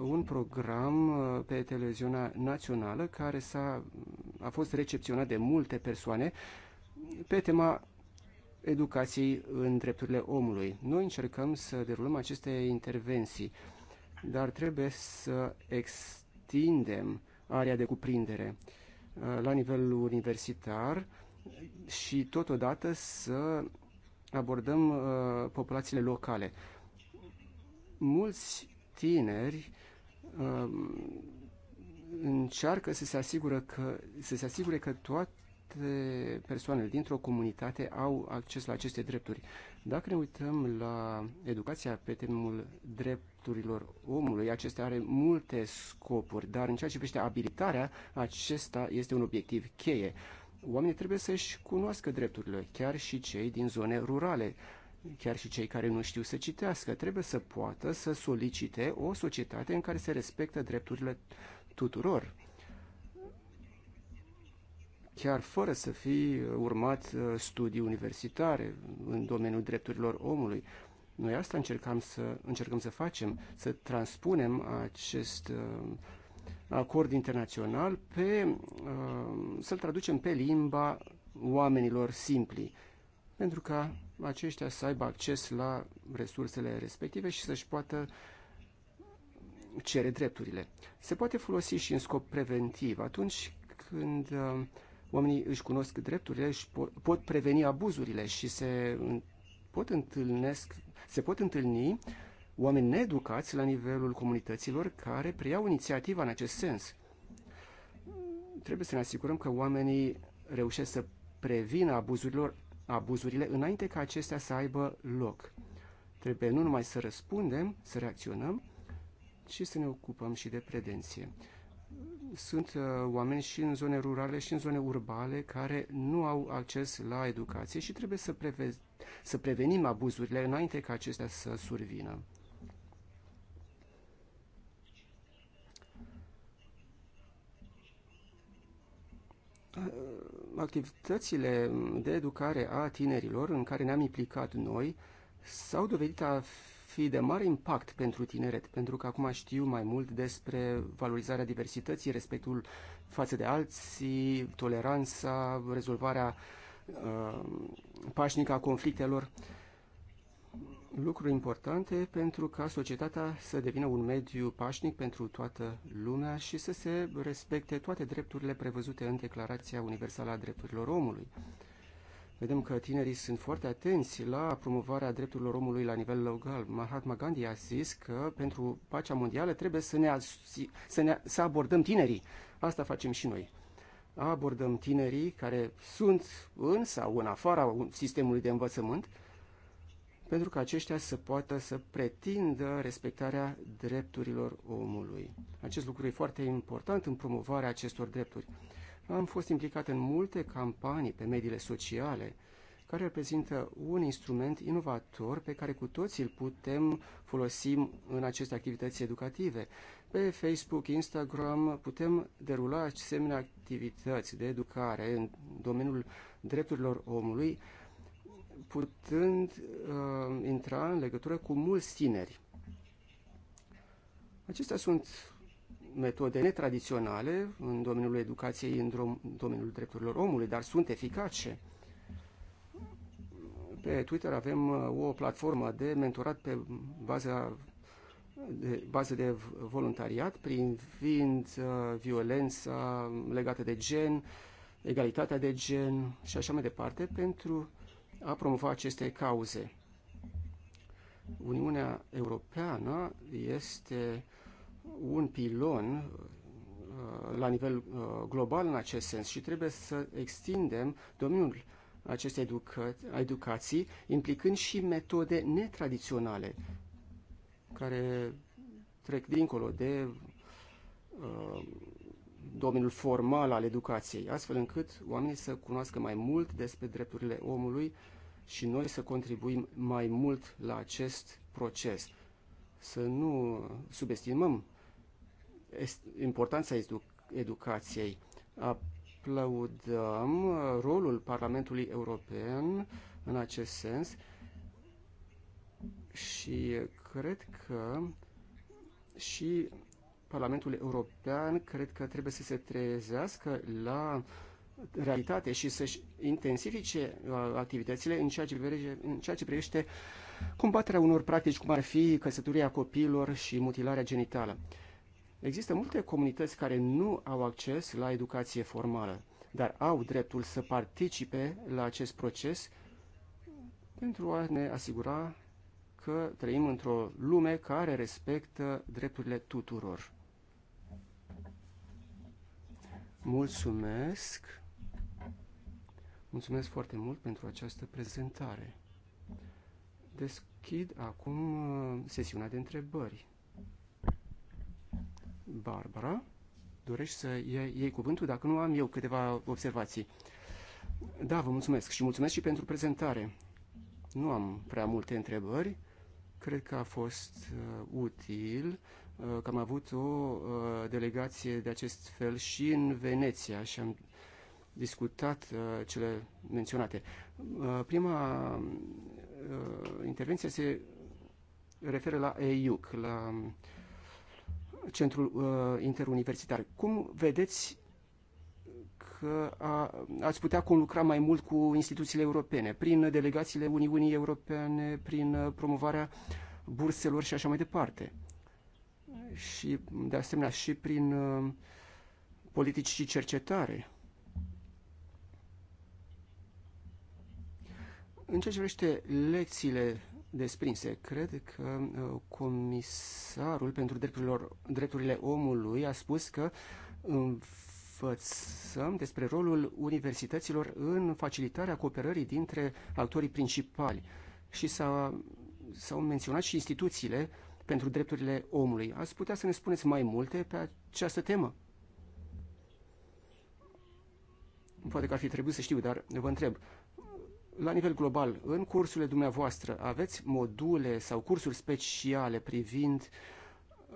un program uh, pe televiziunea națională care s-a, a fost recepționat de multe persoane pe tema educației în drepturile omului. Noi încercăm să derulăm aceste intervenții, dar trebuie să extindem area de cuprindere uh, la nivel universitar și totodată să abordăm uh, populațiile locale. Mulți tineri uh, încearcă să se, asigură că, să se asigure că toate persoanele dintr-o comunitate au acces la aceste drepturi. Dacă ne uităm la educația pe temul drepturilor omului, acestea are multe scopuri, dar în ceea ce privește abilitarea, acesta este un obiectiv cheie. Oamenii trebuie să-și cunoască drepturile, chiar și cei din zone rurale, chiar și cei care nu știu să citească. Trebuie să poată să solicite o societate în care se respectă drepturile tuturor chiar fără să fi urmat uh, studii universitare în domeniul drepturilor omului. Noi asta încercăm să, încercăm să facem, să transpunem acest uh, acord internațional pe, uh, să-l traducem pe limba oamenilor simpli, pentru ca aceștia să aibă acces la resursele respective și să-și poată cere drepturile. Se poate folosi și în scop preventiv atunci când oamenii își cunosc drepturile și pot, pot preveni abuzurile și se pot, întâlnesc, se pot întâlni oameni needucați la nivelul comunităților care preiau inițiativa în acest sens. Trebuie să ne asigurăm că oamenii reușesc să prevină abuzurilor, abuzurile înainte ca acestea să aibă loc. Trebuie nu numai să răspundem, să reacționăm, ci să ne ocupăm și de prevenție sunt uh, oameni și în zone rurale și în zone urbane care nu au acces la educație și trebuie să, preve- să prevenim abuzurile înainte ca acestea să survină. Uh, activitățile de educare a tinerilor în care ne-am implicat noi s-au dovedit a fi de mare impact pentru tineret, pentru că acum știu mai mult despre valorizarea diversității, respectul față de alții, toleranța, rezolvarea uh, pașnică a conflictelor. Lucruri importante pentru ca societatea să devină un mediu pașnic pentru toată lumea și să se respecte toate drepturile prevăzute în Declarația Universală a Drepturilor Omului. Vedem că tinerii sunt foarte atenți la promovarea drepturilor omului la nivel local. Mahatma Gandhi a zis că pentru pacea mondială trebuie să ne, să ne să abordăm tinerii. Asta facem și noi. Abordăm tinerii care sunt în sau în afara sistemului de învățământ pentru că aceștia să poată să pretindă respectarea drepturilor omului. Acest lucru e foarte important în promovarea acestor drepturi. Am fost implicat în multe campanii pe mediile sociale, care reprezintă un instrument inovator pe care cu toții îl putem folosi în aceste activități educative. Pe Facebook, Instagram putem derula asemenea activități de educare în domeniul drepturilor omului, putând uh, intra în legătură cu mulți tineri. Acestea sunt metode netradiționale în domeniul educației, în domeniul drepturilor omului, dar sunt eficace. Pe Twitter avem uh, o platformă de mentorat pe baza de, bază de voluntariat privind uh, violența legată de gen, egalitatea de gen și așa mai departe pentru a promova aceste cauze. Uniunea Europeană este uh, un pilon uh, la nivel uh, global în acest sens și trebuie să extindem domeniul acestei educa educații, implicând și metode netradiționale care trec dincolo de uh, domeniul formal al educației, astfel încât oamenii să cunoască mai mult despre drepturile omului și noi să contribuim mai mult la acest proces să nu subestimăm importanța edu educației. Aplaudăm uh, rolul Parlamentului European în acest sens și cred că și Parlamentul European cred că trebuie să se trezească la realitate și să-și intensifice uh, activitățile în ceea ce privește, în ceea ce privește uh, combaterea unor practici cum ar fi căsătoria copiilor și mutilarea genitală. Există multe comunități care nu au acces la educație formală, dar au dreptul să participe la acest proces pentru a ne asigura că trăim într-o lume care respectă drepturile tuturor. Mulțumesc! Mulțumesc foarte mult pentru această prezentare. Deschid acum uh, sesiunea de întrebări. Barbara, dorești să iei, iei cuvântul? Dacă nu, am eu câteva observații. Da, vă mulțumesc și mulțumesc și pentru prezentare. Nu am prea multe întrebări. Cred că a fost uh, util uh, că am avut o uh, delegație de acest fel și în Veneția și am discutat uh, cele menționate. Uh, prima Uh, intervenție se referă la EIUC, la Centrul uh, Interuniversitar. Cum vedeți că a, ați putea conlucra mai mult cu instituțiile europene, prin delegațiile Uniunii Europene, prin uh, promovarea burselor și așa mai departe. Și, de asemenea, și prin politici și cercetare. În ceea ce privește lecțiile desprinse, cred că uh, comisarul pentru drepturile omului a spus că învățăm despre rolul universităților în facilitarea cooperării dintre actorii principali și s-au menționat și instituțiile pentru drepturile omului. Ați putea să ne spuneți mai multe pe această temă? Poate că ar fi trebuit să știu, dar vă întreb la nivel global, în cursurile dumneavoastră, aveți module sau cursuri speciale privind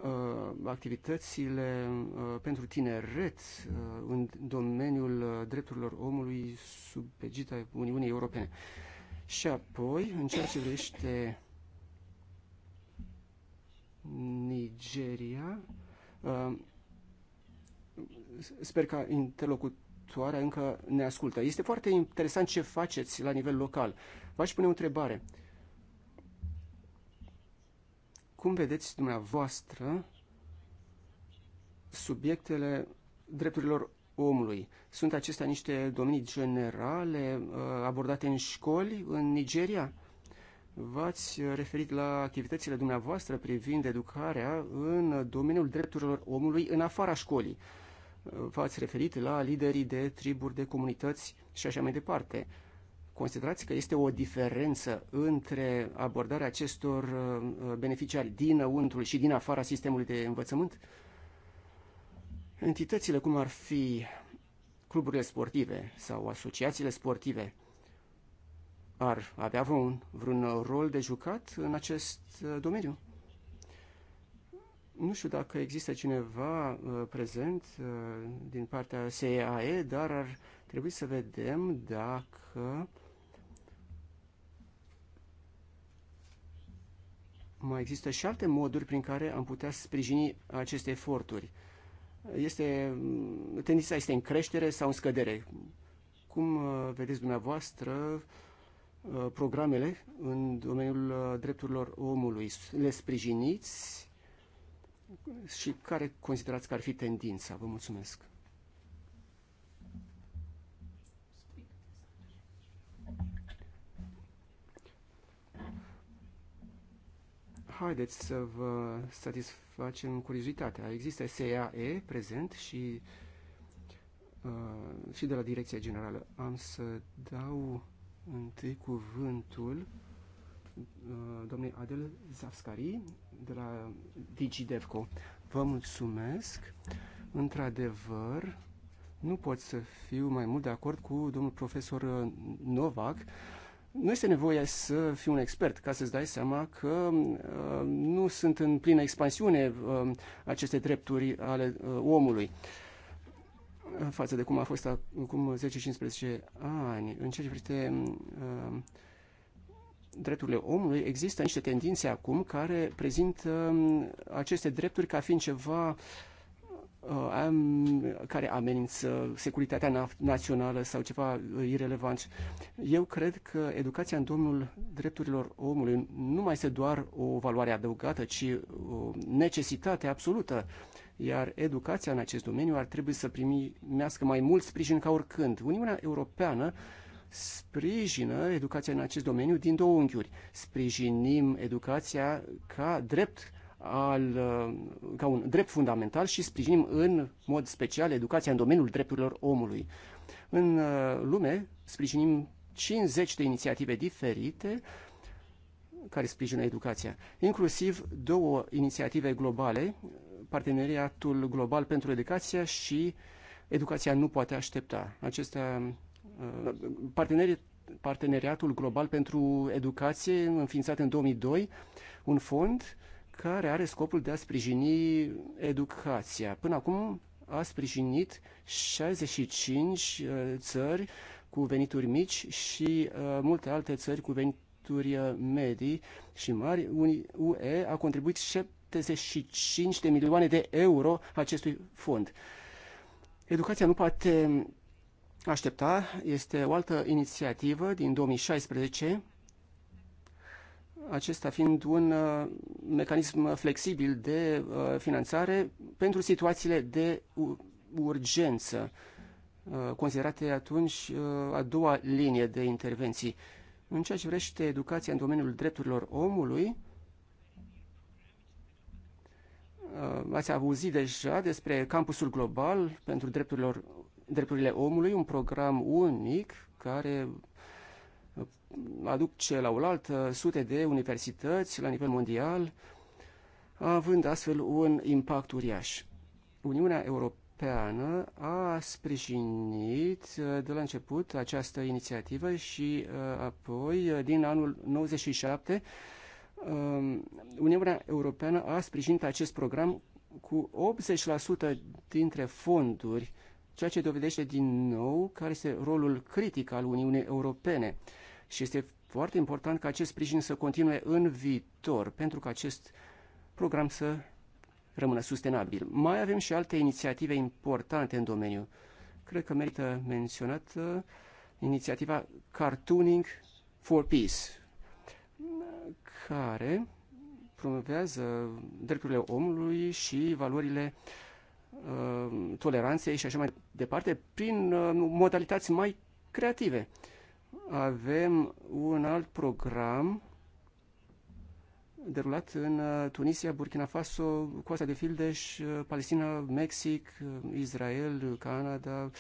uh, activitățile uh, pentru tineret uh, în domeniul uh, drepturilor omului sub egida Uniunii Europene. Și apoi, în ceea ce privește Nigeria, uh, sper ca interlocutor viitoarea încă ne ascultă. Este foarte interesant ce faceți la nivel local. V-aș pune o întrebare. Cum vedeți dumneavoastră subiectele drepturilor omului? Sunt acestea niște domenii generale uh, abordate în școli în Nigeria? V-ați referit la activitățile dumneavoastră privind educarea în domeniul drepturilor omului în afara școlii v-ați referit la liderii de triburi, de comunități și așa mai departe. Considerați că este o diferență între abordarea acestor uh, beneficiari dinăuntru și din afara sistemului de învățământ? Entitățile cum ar fi cluburile sportive sau asociațiile sportive ar avea vreun, vreun rol de jucat în acest uh, domeniu? Nu știu dacă există cineva uh, prezent uh, din partea SEAE, dar ar trebui să vedem dacă mai există și alte moduri prin care am putea sprijini aceste eforturi. Este, mm, tendința este în creștere sau în scădere? Cum uh, vedeți dumneavoastră programele în domeniul drepturilor omului? Le sprijiniți? și care considerați că ar fi tendința? Vă mulțumesc. Haideți să vă satisfacem curiozitatea. Există SAE prezent și, uh, și de la Direcția Generală. Am să dau întâi cuvântul Uh, domnului Adel Zafskari de la DigiDevco. Vă mulțumesc. Într-adevăr, nu pot să fiu mai mult de acord cu domnul profesor uh, Novak. Nu este nevoie să fii un expert ca să-ți dai seama că uh, nu sunt în plină expansiune aceste drepturi ale omului față de cum a fost acum 10-15 ani. În ceea ce privește uh, drepturile omului, există niște tendințe acum care prezintă um, aceste drepturi ca fiind ceva uh, care amenință securitatea națională sau ceva uh, irelevant. Eu cred că educația în domnul drepturilor omului nu mai este doar o valoare adăugată, ci uh, o necesitate absolută. Iar educația în acest domeniu ar trebui să primească mai mult sprijin ca oricând. Uniunea Europeană sprijină educația în acest domeniu din două unghiuri. Sprijinim educația ca drept al, uh, ca un drept fundamental și sprijinim în mod special educația în domeniul drepturilor omului. În uh, lume sprijinim 50 de inițiative diferite care sprijină educația, inclusiv două inițiative globale, Parteneriatul Global pentru Educație și Educația nu poate aștepta. Acestea partenerii Parteneriatul Global pentru Educație, înființat în 2002, un fond care are scopul de a sprijini educația. Până acum a sprijinit 65 uh, țări cu venituri mici și uh, multe alte țări cu venituri uh, medii și mari. UE a contribuit 75 de milioane de euro acestui fond. Educația nu poate aștepta este o altă inițiativă din 2016, acesta fiind un uh, mecanism flexibil de uh, finanțare pentru situațiile de urgență, uh, considerate atunci a doua linie de intervenții. În ceea ce vrește educația în domeniul drepturilor omului, ați auzit deja despre campusul global pentru drepturilor drepturile omului, un program unic care aduce la oaltă sute de universități la nivel mondial, având astfel un impact uriaș. Uniunea Europeană a sprijinit uh, de la început această inițiativă și uh, apoi, uh, din anul 97, um, Uniunea Europeană a sprijinit acest program cu 80% dintre fonduri ceea ce dovedește din nou care este rolul critic al Uniunii Europene. Și este foarte important ca acest sprijin să continue în viitor, pentru că acest program să rămână sustenabil. Mai avem și alte inițiative importante în domeniu. Cred că merită menționat inițiativa Cartooning for Peace, care promovează drepturile omului și valorile Uh, toleranței și așa mai departe, prin uh, modalități mai creative. Avem un alt program derulat în uh, Tunisia, Burkina Faso, Coasta de Fildeș, Palestina, Mexic, Israel, Canada,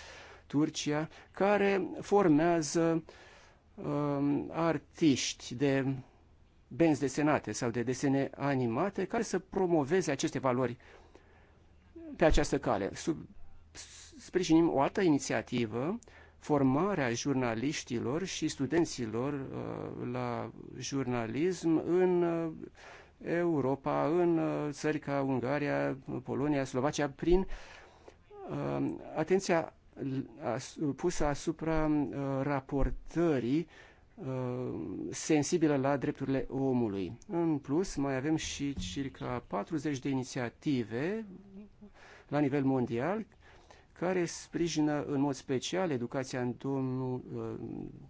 Turcia, care formează um, artiști de benzi desenate sau de desene animate care să promoveze aceste valori pe această cale. Sub, sprijinim o altă inițiativă, formarea jurnaliștilor și studenților uh, la jurnalism în uh, Europa, în uh, țări ca Ungaria, Polonia, Slovacia, prin atenția pusă asupra raportării Uh, sensibilă la drepturile omului. În plus, mai avem și circa 40 de inițiative la nivel mondial care sprijină în mod special educația în uh,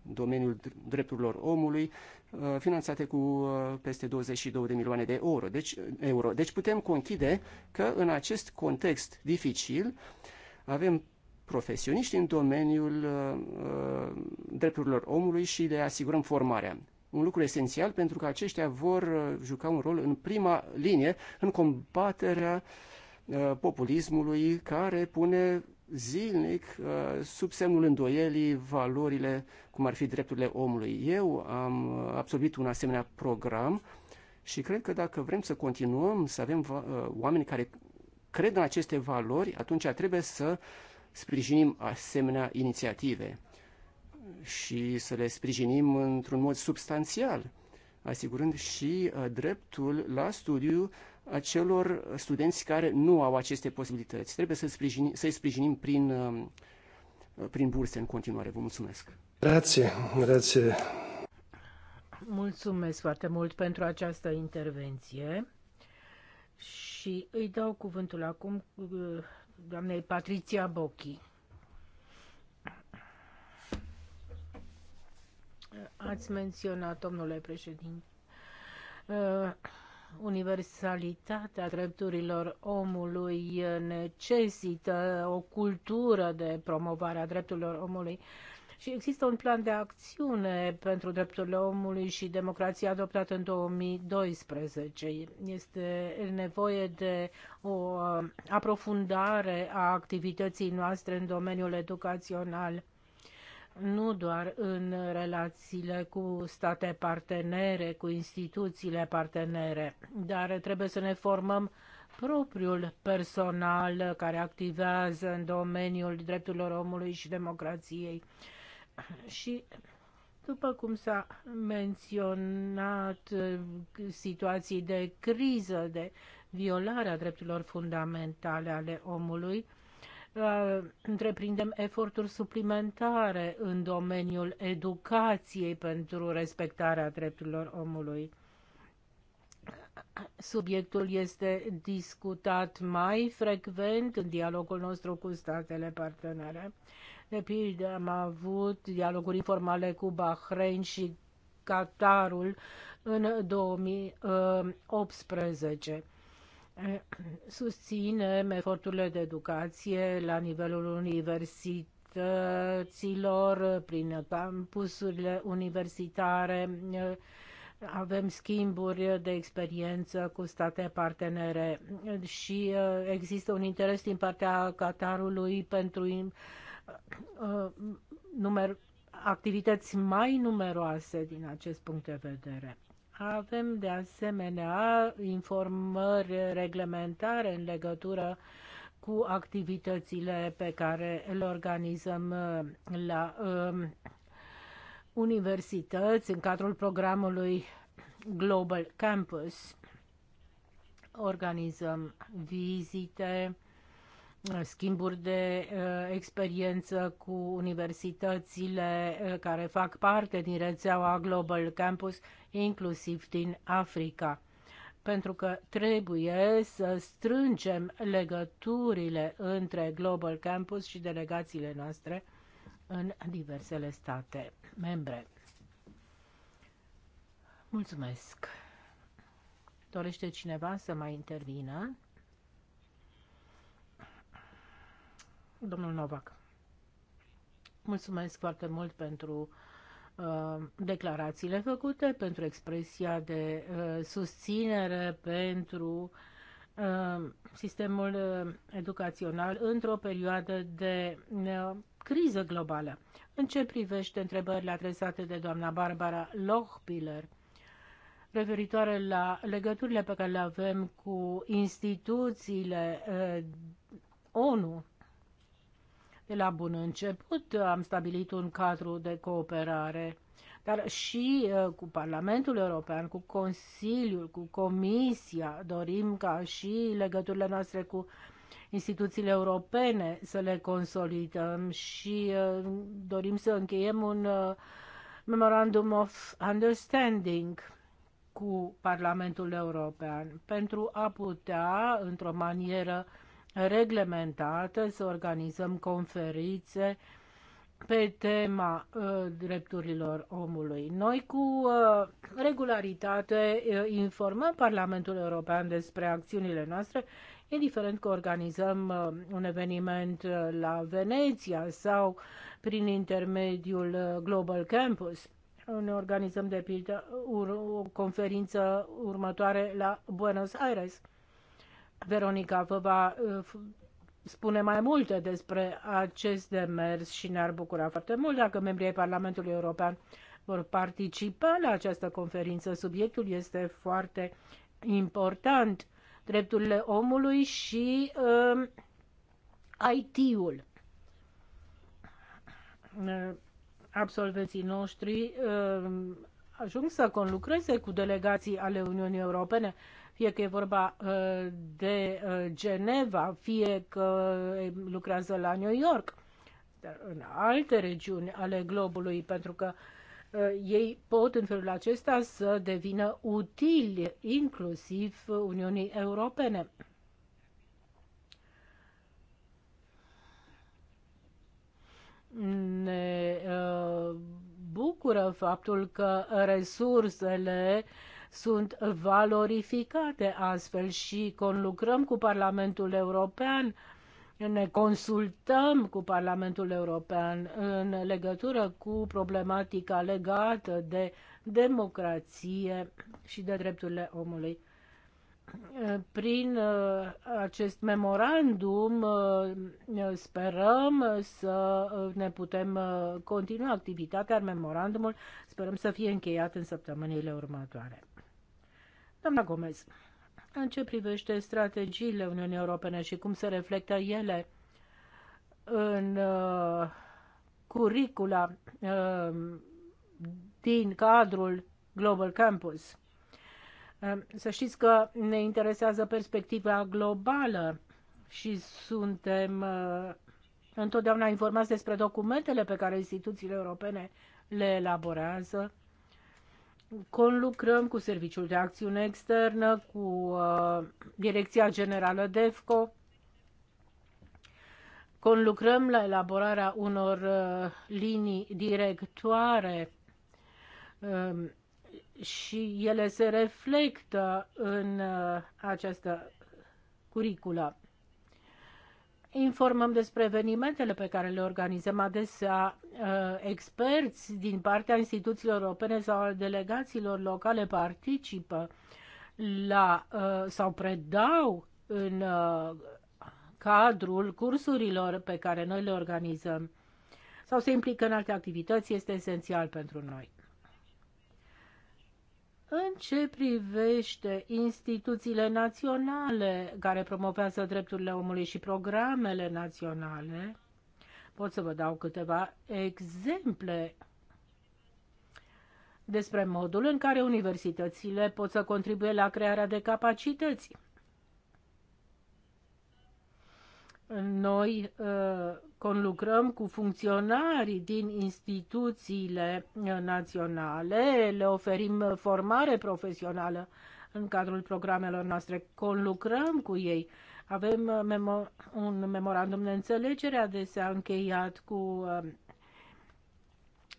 domeniul drepturilor omului, uh, finanțate cu peste 22 de milioane de euro. Deci, euro. deci putem conchide că în acest context dificil avem profesioniști în domeniul uh, uh, drepturilor omului și le asigurăm formarea. Un lucru esențial pentru că aceștia vor uh, juca un rol în prima linie în combaterea uh, populismului care pune zilnic uh, sub semnul îndoielii valorile cum ar fi drepturile omului. Eu am absolvit un asemenea program și cred că dacă vrem să continuăm să avem oameni care cred în aceste valori, atunci trebuie să uh, sprijinim asemenea inițiative și să le sprijinim într-un mod substanțial, asigurând și uh, dreptul la studiu a celor studenți care nu au aceste posibilități. Trebuie să-i sprijinim, să sprijinim prin, um, uh, prin burse în continuare. Vă mulțumesc! Grație, grație! Mulțumesc foarte mult pentru această intervenție și îi dau cuvântul acum uh, doamnei Patricia Bochi. Ați menționat, domnule președinte, uh, universalitatea drepturilor omului necesită o cultură de promovare a drepturilor omului și există un plan de acțiune pentru drepturile omului și democrația adoptat în 2012. Este nevoie de o uh, aprofundare a activității noastre în domeniul educațional nu doar în relațiile cu state partenere, cu instituțiile partenere, dar trebuie să ne formăm propriul personal care activează în domeniul drepturilor omului și democrației și după cum s-a menționat, situații de criză, de violare a drepturilor fundamentale ale omului, uh, întreprindem eforturi suplimentare în domeniul educației pentru respectarea drepturilor omului. Subiectul este discutat mai frecvent în dialogul nostru cu statele partenere de pildă, am avut dialoguri informale cu Bahrain și Qatarul în 2018. Susținem eforturile de educație la nivelul universității universităților, prin campusurile universitare. Avem schimburi de experiență cu state partenere și uh, există un interes din partea Qatarului pentru Uh, numer, activități mai numeroase din acest punct de vedere. Avem de asemenea informări reglementare în legătură cu activitățile pe care le organizăm uh, la um, universități în cadrul programului Global Campus. Organizăm vizite schimburi de uh, experiență cu universitățile uh, care fac parte din rețeaua Global Campus, inclusiv din Africa. Pentru că trebuie să strângem legăturile între Global Campus și delegațiile noastre în diversele state membre. Mulțumesc! Dorește cineva să mai intervină? Domnul Novak. Mulțumesc foarte mult pentru uh, declarațiile făcute, pentru expresia de uh, susținere pentru uh, sistemul uh, educațional într-o perioadă de uh, criză globală. În ce privește întrebările adresate de doamna Barbara Lochpiller referitoare la legăturile pe care le avem cu instituțiile uh, ONU de la bun început am stabilit un cadru de cooperare, dar și uh, cu Parlamentul European, cu Consiliul, cu Comisia, dorim ca și legăturile noastre cu instituțiile europene să le consolidăm și uh, dorim să încheiem un uh, Memorandum of Understanding cu Parlamentul European pentru a putea, într-o manieră reglementate, să organizăm conferințe pe tema uh, drepturilor omului. Noi cu uh, regularitate uh, informăm Parlamentul European despre acțiunile noastre, indiferent că organizăm uh, un eveniment uh, la Veneția sau prin intermediul uh, Global Campus. Ne organizăm de pildă o conferință următoare la Buenos Aires Veronica vă va uh, spune mai multe despre acest demers și ne-ar bucura foarte mult dacă membrii ai Parlamentului European vor participa la această conferință. Subiectul este foarte important. Drepturile omului și uh, um, IT-ul. Uh, absolvenții noștri uh, ajung să conlucreze cu delegații ale Uniunii Europene fie că e vorba uh, de uh, Geneva, fie că eh, lucrează la New York, dar în alte regiuni ale globului, pentru că eh, ei pot în felul acesta să devină utili inclusiv Uniunii Europene. Ne uh, bucură faptul că resursele uh, sunt valorificate astfel și conlucrăm cu Parlamentul European, ne consultăm cu Parlamentul European în legătură cu problematica legată de democrație și de drepturile omului. Prin uh, acest memorandum uh, sperăm să ne putem uh, continua activitatea, memorandumul sperăm să fie încheiat în săptămânile următoare. Doamna Gomez, în ce privește strategiile Uniunii Europene și cum se reflectă ele în uh, curicula uh, din cadrul Global Campus. Uh, să știți că ne interesează perspectiva globală și suntem uh, întotdeauna informați despre documentele pe care instituțiile europene le elaborează conlucrăm cu Serviciul de Acțiune Externă, cu uh, Direcția Generală DEFCO, conlucrăm la elaborarea unor uh, linii directoare uh, și ele se reflectă în uh, această curiculă informăm despre evenimentele pe care le organizăm. Adesea uh, experți din partea instituțiilor europene sau al delegațiilor locale participă la uh, sau predau în uh, cadrul cursurilor pe care noi le organizăm sau se implică în alte activități, este esențial pentru noi. În ce privește instituțiile naționale care promovează drepturile omului și programele naționale, pot să vă dau câteva exemple despre modul în care universitățile pot să contribuie la crearea de capacități. Noi uh, conlucrăm cu funcționarii din instituțiile naționale, le oferim formare profesională în cadrul programelor noastre, conlucrăm cu ei. Avem uh, memo un memorandum de înțelegere adesea încheiat cu uh,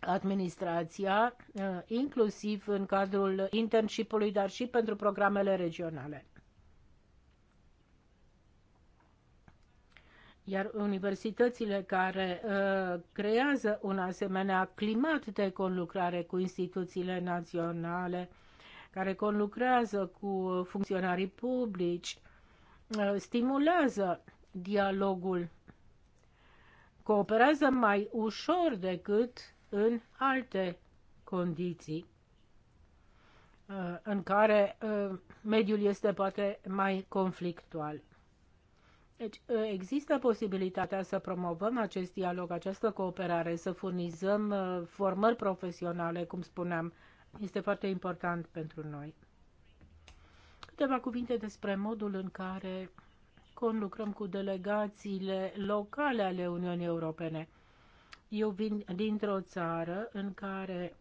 administrația, uh, inclusiv în cadrul internship-ului, dar și pentru programele regionale. Iar universitățile care uh, creează un asemenea climat de conlucrare cu instituțiile naționale, care conlucrează cu funcționarii publici, uh, stimulează dialogul, cooperează mai ușor decât în alte condiții uh, în care uh, mediul este poate mai conflictual. Deci ă, există posibilitatea să promovăm acest dialog, această cooperare, să furnizăm ă, formări profesionale, cum spuneam, este foarte important pentru noi. Câteva cuvinte despre modul în care conlucrăm cu delegațiile locale ale Uniunii Europene. Eu vin dintr-o țară în care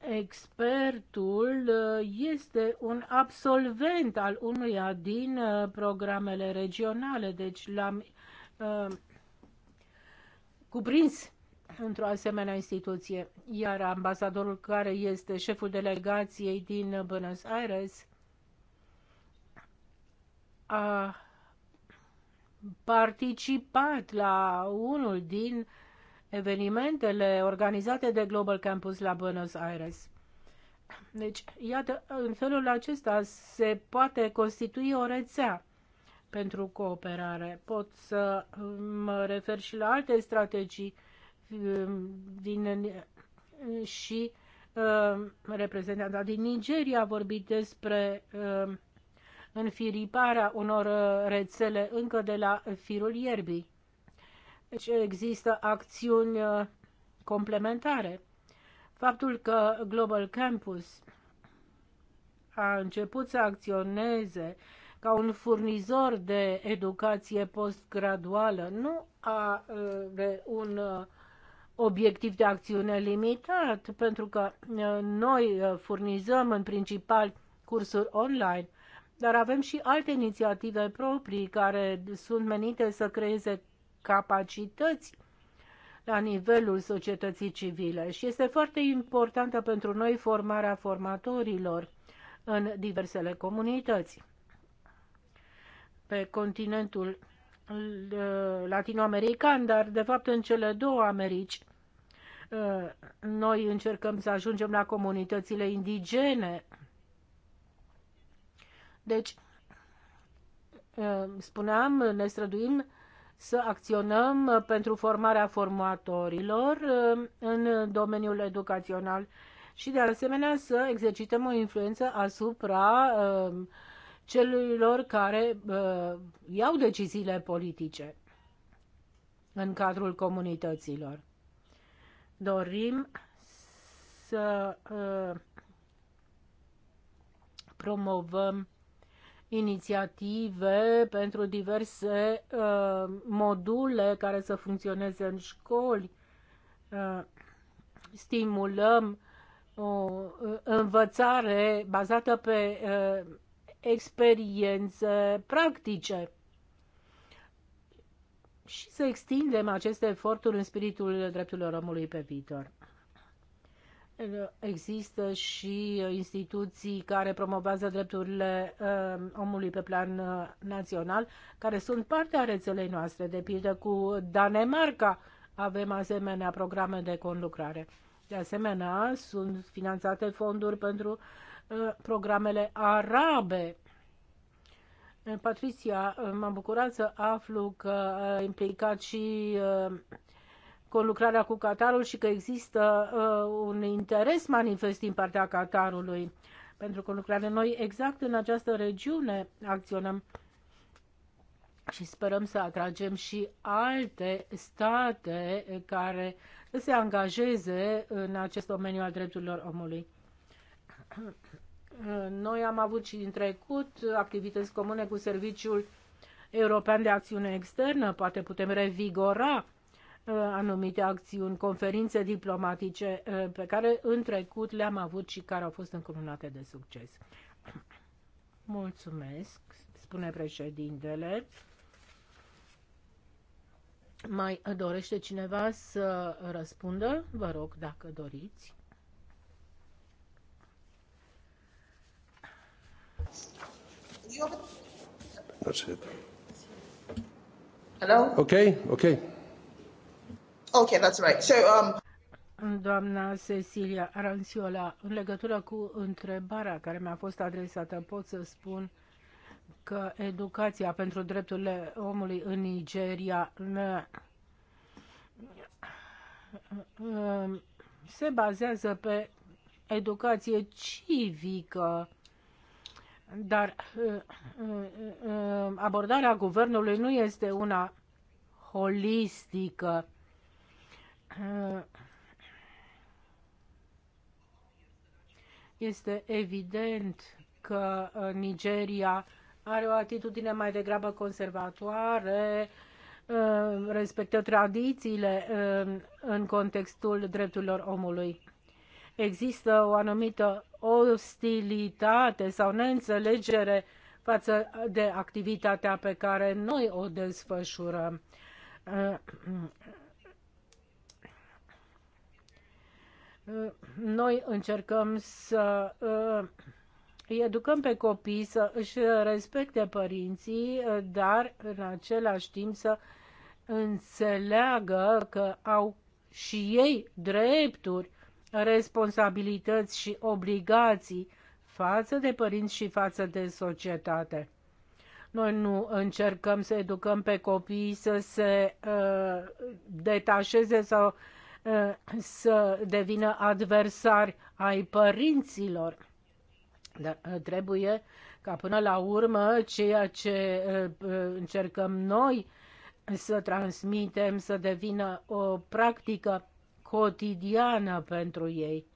Expertul uh, este un absolvent al unuia din uh, programele regionale, deci l-am uh, cuprins într-o asemenea instituție, iar ambasadorul care este șeful delegației din Buenos Aires a participat la unul din evenimentele organizate de Global Campus la Buenos Aires. Deci, iată, în felul acesta se poate constitui o rețea pentru cooperare. Pot să mă refer și la alte strategii um, din, și um, reprezentanta din Nigeria a vorbit despre um, înfiriparea unor uh, rețele încă de la firul ierbii. Deci există acțiuni uh, complementare. Faptul că Global Campus a început să acționeze ca un furnizor de educație postgraduală nu are uh, un uh, obiectiv de acțiune limitat, pentru că noi furnizăm în principal cursuri online, dar avem și alte inițiative proprii care sunt menite să creeze capacități la nivelul societății civile și este foarte importantă pentru noi formarea formatorilor în diversele comunități. Pe continentul latinoamerican, dar de fapt în cele două Americi, ă, noi încercăm să ajungem la comunitățile indigene. Deci, ă, spuneam, ne străduim să acționăm uh, pentru formarea formatorilor uh, în domeniul educațional și de asemenea să exercităm o influență asupra uh, celor care iau deciziile politice în cadrul comunităților. Dorim să promovăm inițiative pentru diverse uh, module care să funcționeze în școli. Uh, stimulăm o uh, învățare bazată pe uh, experiențe practice și să extindem aceste eforturi în spiritul drepturilor omului pe viitor. Există și instituții care promovează drepturile um, omului pe plan uh, național, care sunt parte a rețelei noastre, de pildă cu Danemarca avem asemenea programe de conlucrare. De asemenea, sunt finanțate fonduri pentru uh, programele arabe. Patricia, m-am bucurat să aflu că a implicat și uh, conlucrarea cu Qatarul și că există uh, un interes manifest din partea Qatarului pentru conlucrare. Noi exact în această regiune acționăm și sperăm să atragem și alte state care se angajeze în acest domeniu al drepturilor omului. Noi am avut și în trecut activități comune cu Serviciul European de Acțiune Externă, poate putem revigora Uh, anumite acțiuni, conferințe diplomatice uh, pe care în trecut le-am avut și care au fost încununate de succes. Mulțumesc, spune președintele. Mai dorește cineva să răspundă? Vă rog, dacă doriți. Hello? Okay, okay. Okay, that's right. So, um... Doamna Cecilia Aranciola, în legătură cu întrebarea care mi-a fost adresată, pot să spun că educația pentru drepturile omului în Nigeria um, se bazează pe educație civică, dar um, abordarea guvernului nu este una holistică Uh, este evident că uh, Nigeria are o atitudine mai degrabă conservatoare, uh, respectă tradițiile în contextul drepturilor omului. Există o anumită ostilitate sau neînțelegere față de activitatea pe care noi o desfășurăm. Noi încercăm să uh, îi educăm pe copii să își respecte părinții, uh, dar în același timp să înțeleagă că au și ei drepturi, responsabilități și obligații față de părinți și față de societate. Noi nu încercăm să educăm pe copii să se uh, detașeze sau Eh, să devină adversari ai părinților. Dar eh, trebuie ca până la urmă ceea ce eh, încercăm noi să transmitem să devină o practică cotidiană pentru ei.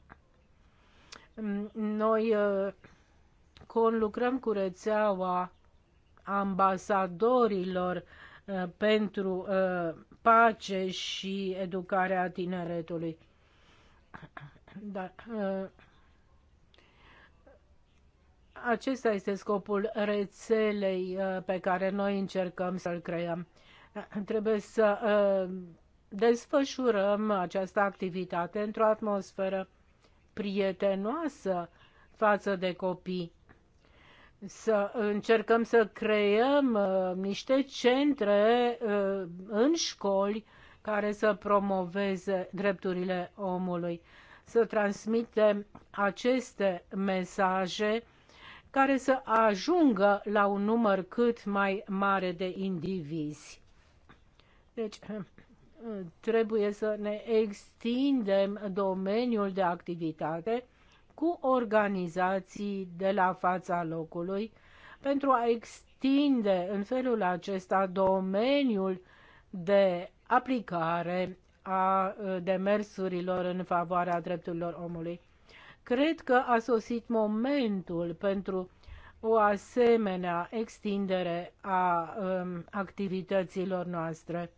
Mm, noi conlucrăm cu rețeaua ambasadorilor pentru pace și educarea tineretului. Da. Uh, acesta este scopul rețelei uh, pe care noi încercăm să-l creăm. Trebuie să uh, desfășurăm această activitate într-o atmosferă prietenoasă față de copii să încercăm să creăm uh, niște centre uh, în școli care să promoveze drepturile omului, să transmitem aceste mesaje care să ajungă la un număr cât mai mare de indivizi. Deci, trebuie să ne extindem domeniul de activitate cu organizații de la fața locului pentru a extinde în felul acesta domeniul de aplicare a uh, demersurilor în favoarea drepturilor omului. Cred că a sosit momentul pentru o asemenea extindere a um, activităților noastre.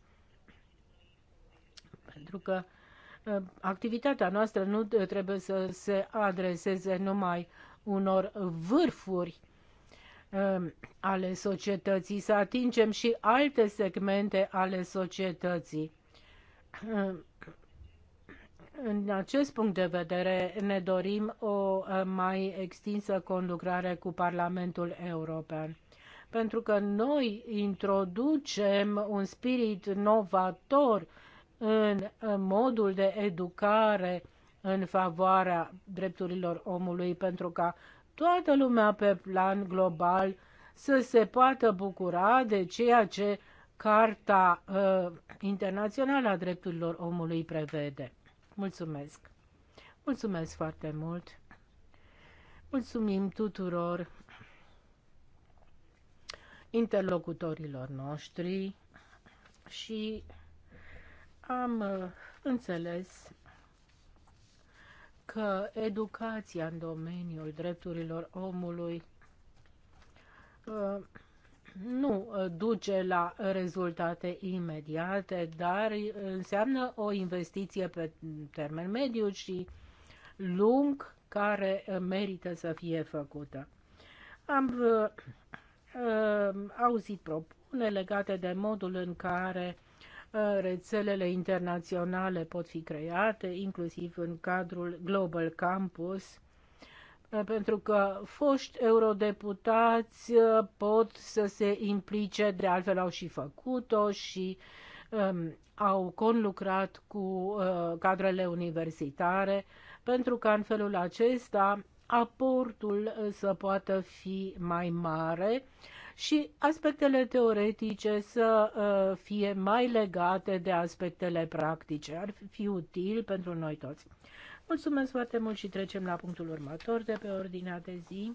Pentru că Ă, activitatea noastră nu trebuie să se adreseze numai unor vârfuri ă, ale societății, să atingem și alte segmente ale societății. Ă, în acest punct de vedere ne dorim o mai extinsă conlucrare cu Parlamentul European, pentru că noi introducem un spirit novator în modul de educare în favoarea drepturilor omului pentru ca toată lumea pe plan global să se poată bucura de ceea ce Carta uh, Internațională a Drepturilor Omului prevede. Mulțumesc! Mulțumesc foarte mult! Mulțumim tuturor interlocutorilor noștri și am uh, înțeles că educația în domeniul drepturilor omului uh, nu uh, duce la rezultate imediate, dar înseamnă o investiție pe termen mediu și lung care merită să fie făcută. Am uh, auzit propuneri legate de modul în care Uh, rețelele internaționale pot fi create, inclusiv în cadrul Global Campus, uh, pentru că foști eurodeputați uh, pot să se implice, de altfel au și făcut-o și um, au conlucrat cu uh, cadrele universitare, pentru că în felul acesta aportul să poată fi mai mare și aspectele teoretice să uh, fie mai legate de aspectele practice. Ar fi util pentru noi toți. Mulțumesc foarte mult și trecem la punctul următor de pe ordinea de zi.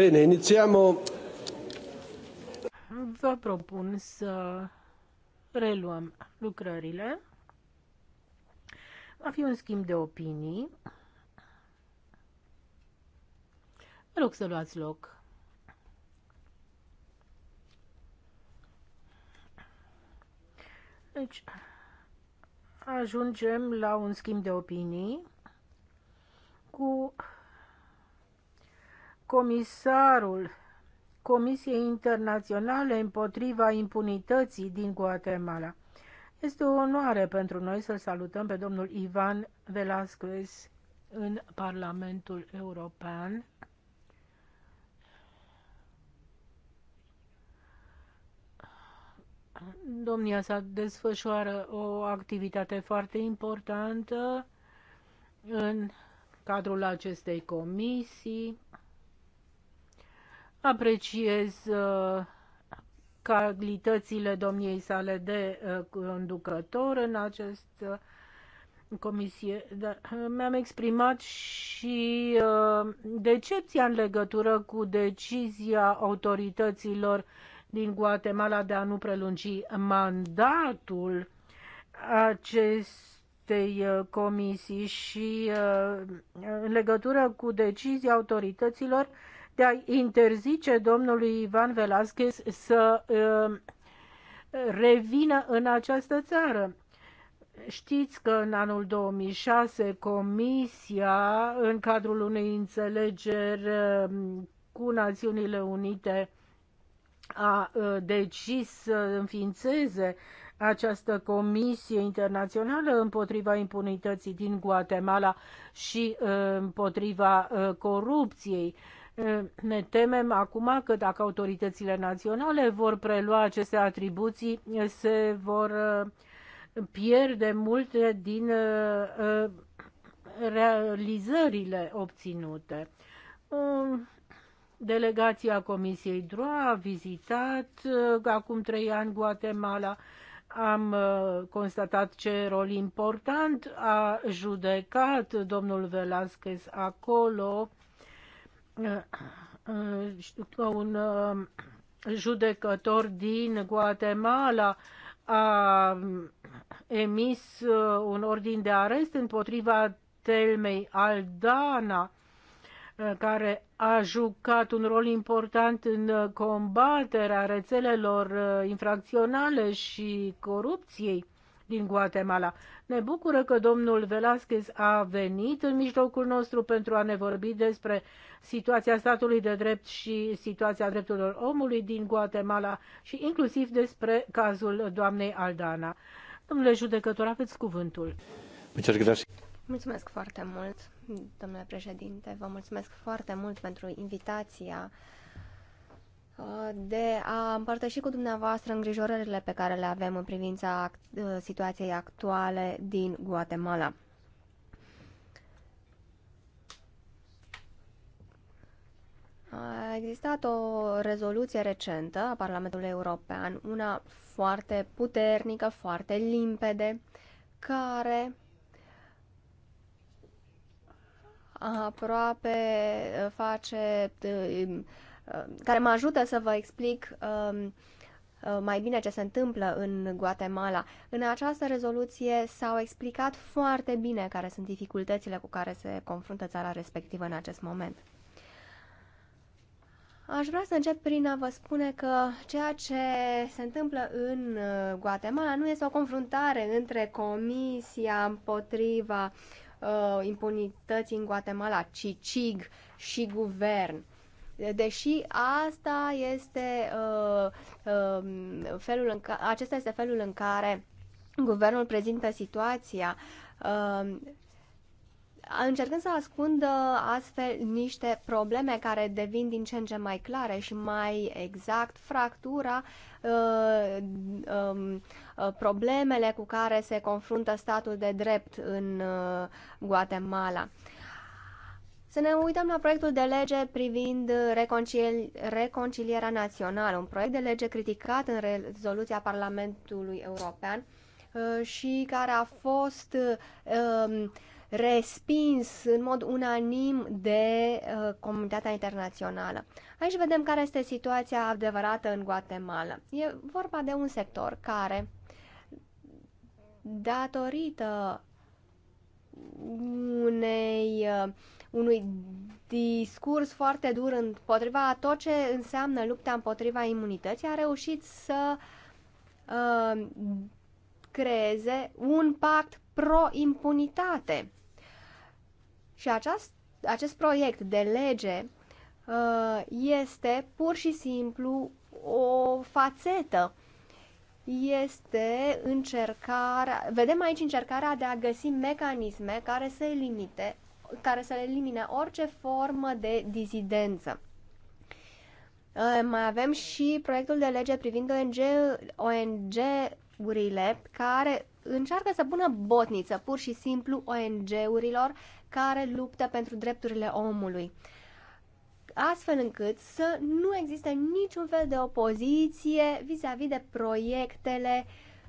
Bine, inițiamo. Vă propun să reluăm lucrările. Va fi un schimb de opinii. Vă rog să luați loc. Deci, ajungem la un schimb de opinii cu comisarul Comisiei Internaționale împotriva impunității din Guatemala. Este o onoare pentru noi să-l salutăm pe domnul Ivan Velasquez în Parlamentul European. Domnia sa desfășoară o activitate foarte importantă în cadrul acestei comisii. Apreciez uh, calitățile domniei sale de uh, conducător în acest uh, comisie, da, mi-am exprimat și decepția în legătură cu decizia autorităților din Guatemala de a nu prelungi mandatul acestei comisii și uh, în legătură cu decizia autorităților de a interzice domnului Ivan Velasquez să um, revină în această țară. Știți că în anul 2006 Comisia, în cadrul unei înțelegeri um, cu Națiunile Unite, a uh, decis să înființeze această comisie internațională împotriva impunității din Guatemala și uh, împotriva uh, corupției ne temem acum că dacă autoritățile naționale vor prelua aceste atribuții, se vor uh, pierde multe din uh, uh, realizările obținute. Delegația Comisiei DROA a vizitat acum trei ani Guatemala. Am constatat ce rol important a judecat domnul Velasquez acolo Uh, știu că un uh, judecător din Guatemala a um, emis uh, un ordin de arest împotriva Telmei Aldana, care a jucat un rol important în combaterea rețelelor infracționale și corupției din Guatemala. Ne bucură că domnul Velasquez a venit în mijlocul nostru pentru a ne vorbi despre situația statului de drept și situația drepturilor omului din Guatemala și inclusiv despre cazul doamnei Aldana. Domnule judecător, aveți cuvântul. Mulțumesc foarte mult, domnule președinte. Vă mulțumesc foarte mult pentru invitația de a împărtăși cu dumneavoastră îngrijorările pe care le avem în privința uh, situației actuale din Guatemala. A existat o rezoluție recentă a Parlamentului European, una foarte puternică, foarte limpede, care aproape face uh, Uh, care mă ajută să vă explic um, uh, mai bine ce se întâmplă în Guatemala. În această rezoluție s-au explicat foarte bine care sunt dificultățile cu care se confruntă țara respectivă în acest moment. Aș vrea să încep prin a vă spune că ceea ce se întâmplă în uh, Guatemala nu este o confruntare între Comisia împotriva uh, impunității în Guatemala, ci CIG și guvern. Deși asta este uh, uh, felul în ca- acesta este felul în care guvernul prezintă situația. Uh, încercând să ascundă astfel niște probleme care devin din ce în ce mai clare și mai exact fractura, uh, um, uh, problemele cu care se confruntă statul de drept în uh, Guatemala. Să ne uităm la proiectul de lege privind uh, reconcil reconcilierea națională, un proiect de lege criticat în rezoluția Parlamentului European uh, și care a fost um, respins în mod unanim de uh, comunitatea internațională. Aici vedem care este situația adevărată în Guatemala. E vorba de un sector care, datorită unei uh, unui discurs foarte dur împotriva a tot ce înseamnă lupta împotriva imunității, a reușit să uh, creeze un pact pro-impunitate. Și aceast, acest proiect de lege uh, este pur și simplu o fațetă este încercarea, vedem aici încercarea de a găsi mecanisme care să limite care să elimine orice formă de dizidență. Ă, mai avem și proiectul de lege privind ONG, urile care încearcă să pună botniță pur și simplu ONG-urilor care luptă pentru drepturile omului astfel încât să nu existe niciun fel de opoziție vis-a-vis -vis de proiectele,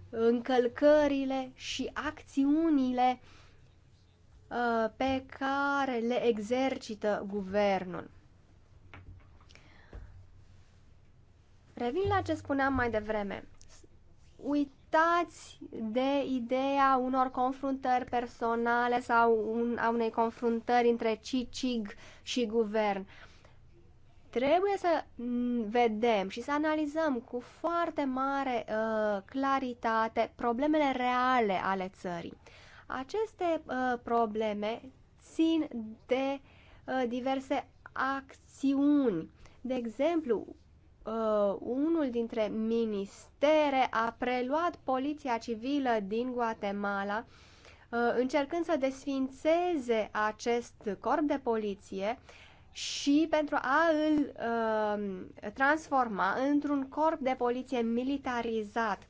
încălcările și acțiunile Uh, pe care le exercită guvernul. Revin la ce spuneam mai devreme. Uitați de ideea unor confruntări personale sau un, a unei confruntări între CICIG și guvern. Trebuie să vedem și să analizăm cu foarte mare uh, claritate problemele reale ale țării. Aceste uh, probleme țin de uh, diverse acțiuni. De exemplu, uh, unul dintre ministere a preluat poliția civilă din Guatemala uh, încercând să desfințeze acest corp de poliție și pentru a îl uh, transforma într-un corp de poliție militarizat.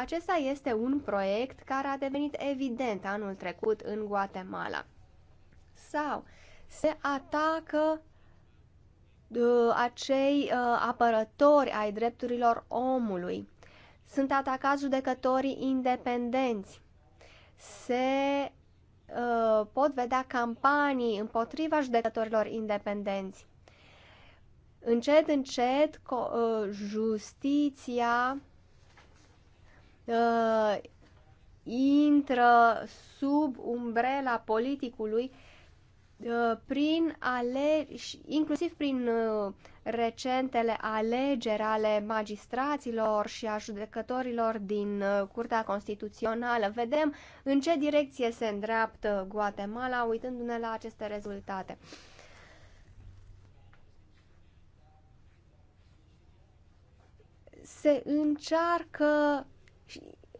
Acesta este un proiect care a devenit evident anul trecut în Guatemala. Sau se atacă uh, acei uh, apărători ai drepturilor omului. Sunt atacați judecătorii independenți. Se uh, pot vedea campanii împotriva judecătorilor independenți. Încet, încet, uh, justiția uh, intră sub umbrela politicului uh, prin ale, inclusiv prin uh, recentele alegeri ale magistraților și a judecătorilor din uh, Curtea Constituțională. Vedem în ce direcție se îndreaptă Guatemala uitându-ne la aceste rezultate. Se încearcă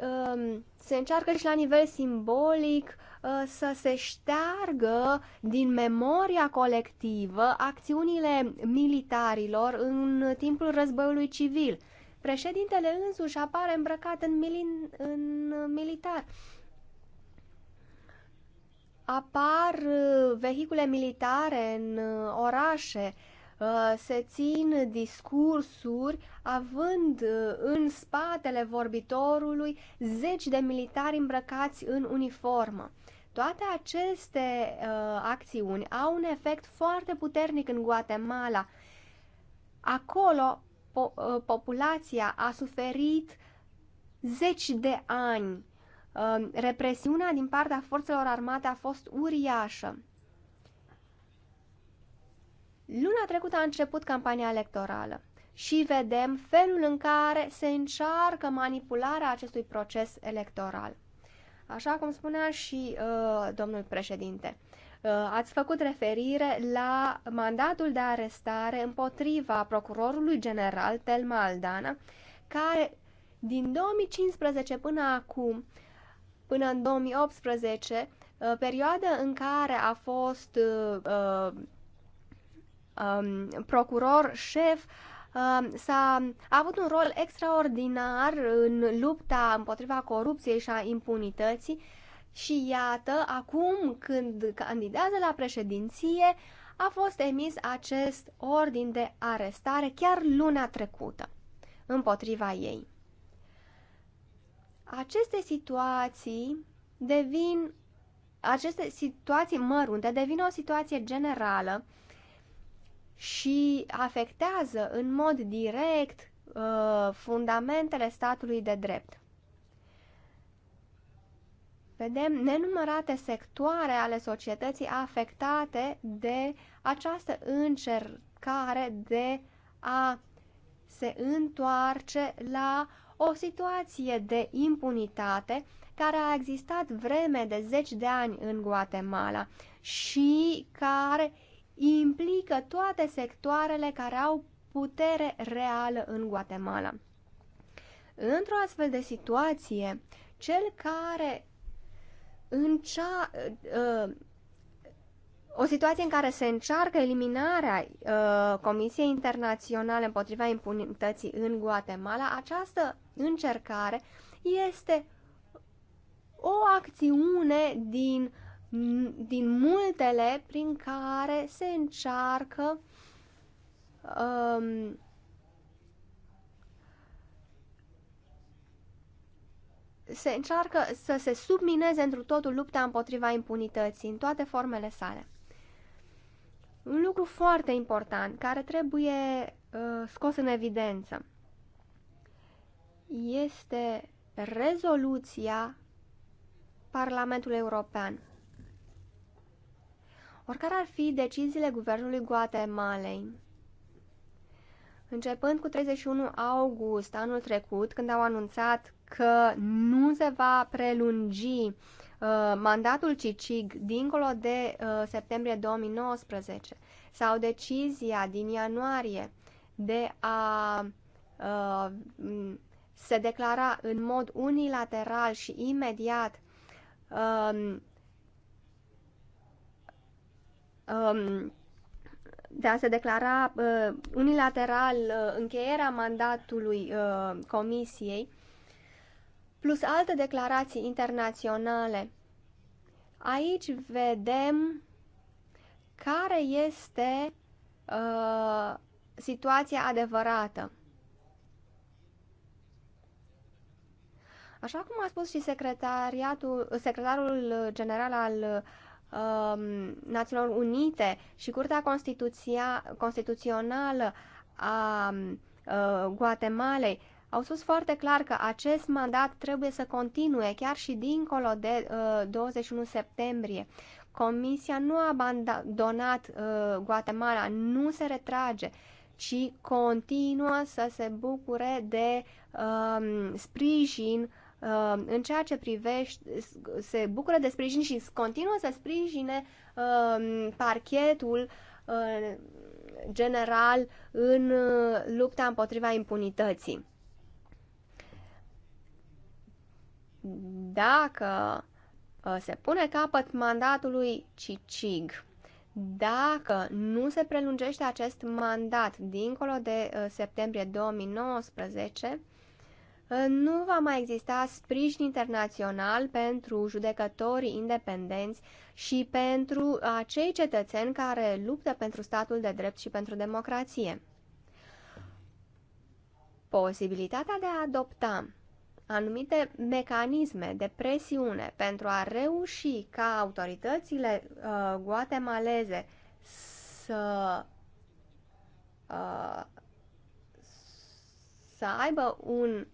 Um, se încearcă și la nivel simbolic uh, să se șteargă din memoria colectivă acțiunile militarilor în timpul războiului civil. Președintele însuși apare îmbrăcat în, mili în militar. Apar uh, vehicule militare în uh, orașe, Uh, se țin discursuri având uh, în spatele vorbitorului zeci de militari îmbrăcați în uniformă. Toate aceste uh, acțiuni au un efect foarte puternic în Guatemala. Acolo po- uh, populația a suferit zeci de ani. Uh, represiunea din partea forțelor armate a fost uriașă. Luna trecută a început campania electorală și vedem felul în care se încearcă manipularea acestui proces electoral. Așa cum spunea și uh, domnul președinte, uh, ați făcut referire la mandatul de arestare împotriva procurorului general Telma Aldana, care din 2015 până acum, până în 2018, uh, perioada în care a fost uh, uh um, procuror șef, um, s-a a avut un rol extraordinar în lupta împotriva corupției și a impunității și iată, acum când candidează la președinție, a fost emis acest ordin de arestare chiar luna trecută împotriva ei. Aceste situații devin aceste situații mărunte devin o situație generală și afectează în mod direct uh, fundamentele statului de drept. Vedem nenumărate sectoare ale societății afectate de această încercare de a se întoarce la o situație de impunitate care a existat vreme de zeci de ani în Guatemala și care implică toate sectoarele care au putere reală în Guatemala. Într-o astfel de situație, cel care în cea, uh, ă, o situație în care se încearcă eliminarea uh, Comisiei Internaționale împotriva impunității în Guatemala, această încercare este o acțiune din uh, din multele prin care se încearcă um, se încearcă să se submineze într totul lupta împotriva impunității în toate formele sale. Un lucru foarte important care trebuie uh, scos în evidență este rezoluția Parlamentului European Oricare ar fi deciziile guvernului Guatemalei, începând cu 31 august anul trecut, când au anunțat că nu se va prelungi uh, mandatul CICIG dincolo de uh, septembrie 2019 sau decizia din ianuarie de a uh, se declara în mod unilateral și imediat uh, um, de a se declara uh, unilateral uh, încheierea mandatului uh, Comisiei, plus alte declarații internaționale. Aici vedem care este uh, situația adevărată. Așa cum a spus și secretariatul, secretarul general al Um, Națiunilor Unite și Curtea Constituția, Constituțională a um, uh, Guatemalei au spus foarte clar că acest mandat trebuie să continue chiar și dincolo de uh, 21 septembrie. Comisia nu a abandonat uh, Guatemala, nu se retrage, ci continuă să se bucure de um, sprijin Uh, în ceea ce privește, se bucură de sprijin și continuă să sprijine uh, parchetul uh, general în lupta împotriva impunității. Dacă se pune capăt mandatului CICIG, dacă nu se prelungește acest mandat dincolo de septembrie 2019, nu va mai exista sprijin internațional pentru judecătorii independenți și pentru acei cetățeni care luptă pentru statul de drept și pentru democrație. Posibilitatea de a adopta anumite mecanisme de presiune pentru a reuși ca autoritățile uh, guatemaleze să uh, să aibă un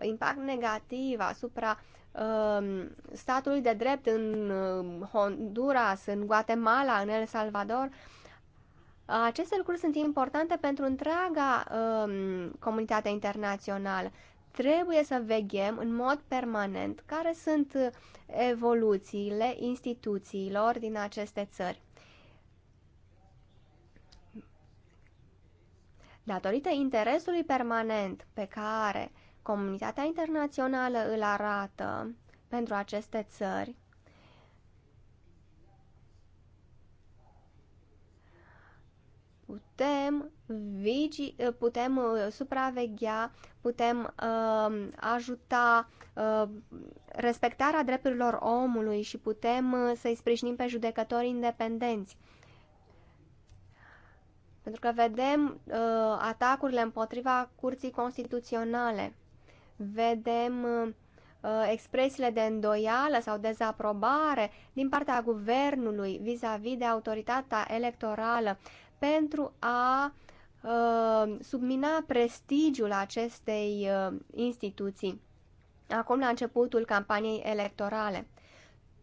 impact negativ asupra uh, statului de drept în um, Honduras, în Guatemala, în El Salvador. Aceste lucruri sunt importante pentru întreaga um, uh, comunitate internațională. Trebuie să veghem în mod permanent care sunt uh, evoluțiile instituțiilor din aceste țări. Datorită interesului permanent pe care Comunitatea internațională îl arată pentru aceste țări putem, vigi, putem uh, supraveghea, putem uh, ajuta uh, respectarea drepturilor omului și putem uh, să-i sprijinim pe judecători independenți. Pentru că vedem uh, atacurile împotriva curții constituționale vedem uh, expresiile de îndoială sau dezaprobare din partea guvernului vis-a-vis -vis de autoritatea electorală pentru a uh, submina prestigiul acestei uh, instituții acum la începutul campaniei electorale.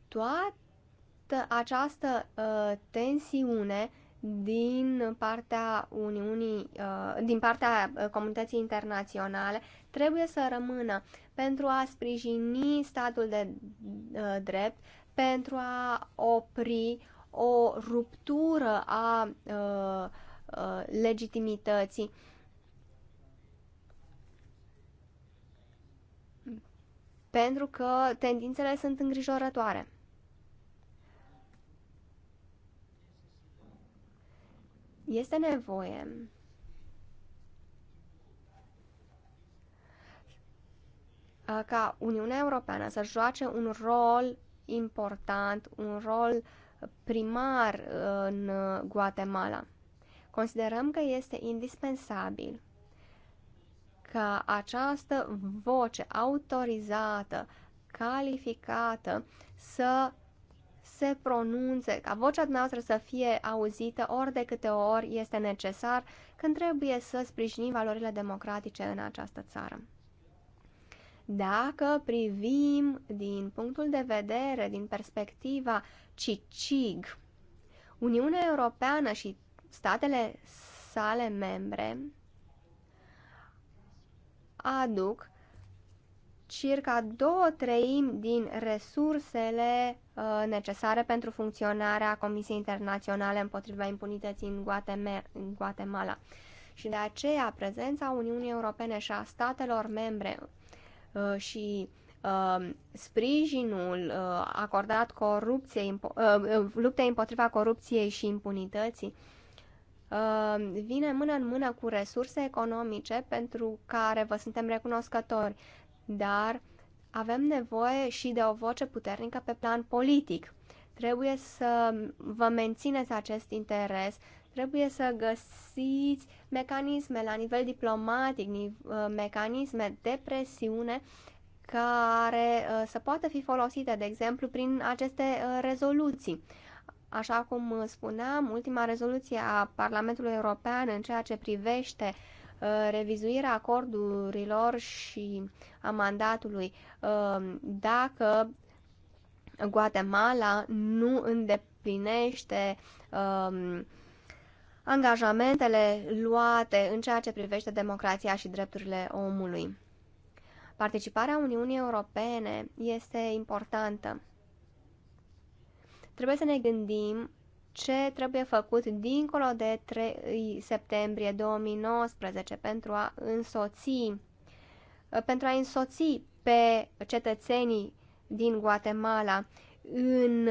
Toată această uh, tensiune din partea Uniunii, uh, din partea uh, comunității internaționale trebuie să rămână pentru a sprijini statul de uh, drept, pentru a opri o ruptură a legitimității. Pentru că tendințele sunt îngrijorătoare. Este nevoie ca Uniunea Europeană să joace un rol important, un rol primar în Guatemala. Considerăm că este indispensabil ca această voce autorizată, calificată, să se pronunțe, ca vocea noastră să fie auzită ori de câte ori este necesar când trebuie să sprijinim valorile democratice în această țară. Dacă privim din punctul de vedere, din perspectiva CICIG, Uniunea Europeană și statele sale membre aduc circa două treimi din resursele uh, necesare pentru funcționarea Comisiei Internaționale împotriva impunității în, în Guatemala. Și de aceea prezența Uniunii Europene și a statelor membre uh, și uh, sprijinul uh, acordat corupției, impo uh, uh, luptei împotriva corupției și impunității vine mână în mână cu resurse economice pentru care vă suntem recunoscători dar avem nevoie și de o voce puternică pe plan politic. Trebuie să vă mențineți acest interes, trebuie să găsiți mecanisme la nivel diplomatic, uh, mecanisme de presiune care uh, să poată fi folosite, de exemplu, prin aceste uh, rezoluții. Așa cum spuneam, ultima rezoluție a Parlamentului European în ceea ce privește uh, Uh, revizuirea acordurilor și a mandatului uh, dacă Guatemala nu îndeplinește um, angajamentele luate în ceea ce privește democrația și drepturile omului. Participarea Uniunii Europene este importantă. Trebuie să ne gândim ce trebuie făcut dincolo de 3 septembrie 2019 pentru a însoți pentru a însoți pe cetățenii din Guatemala în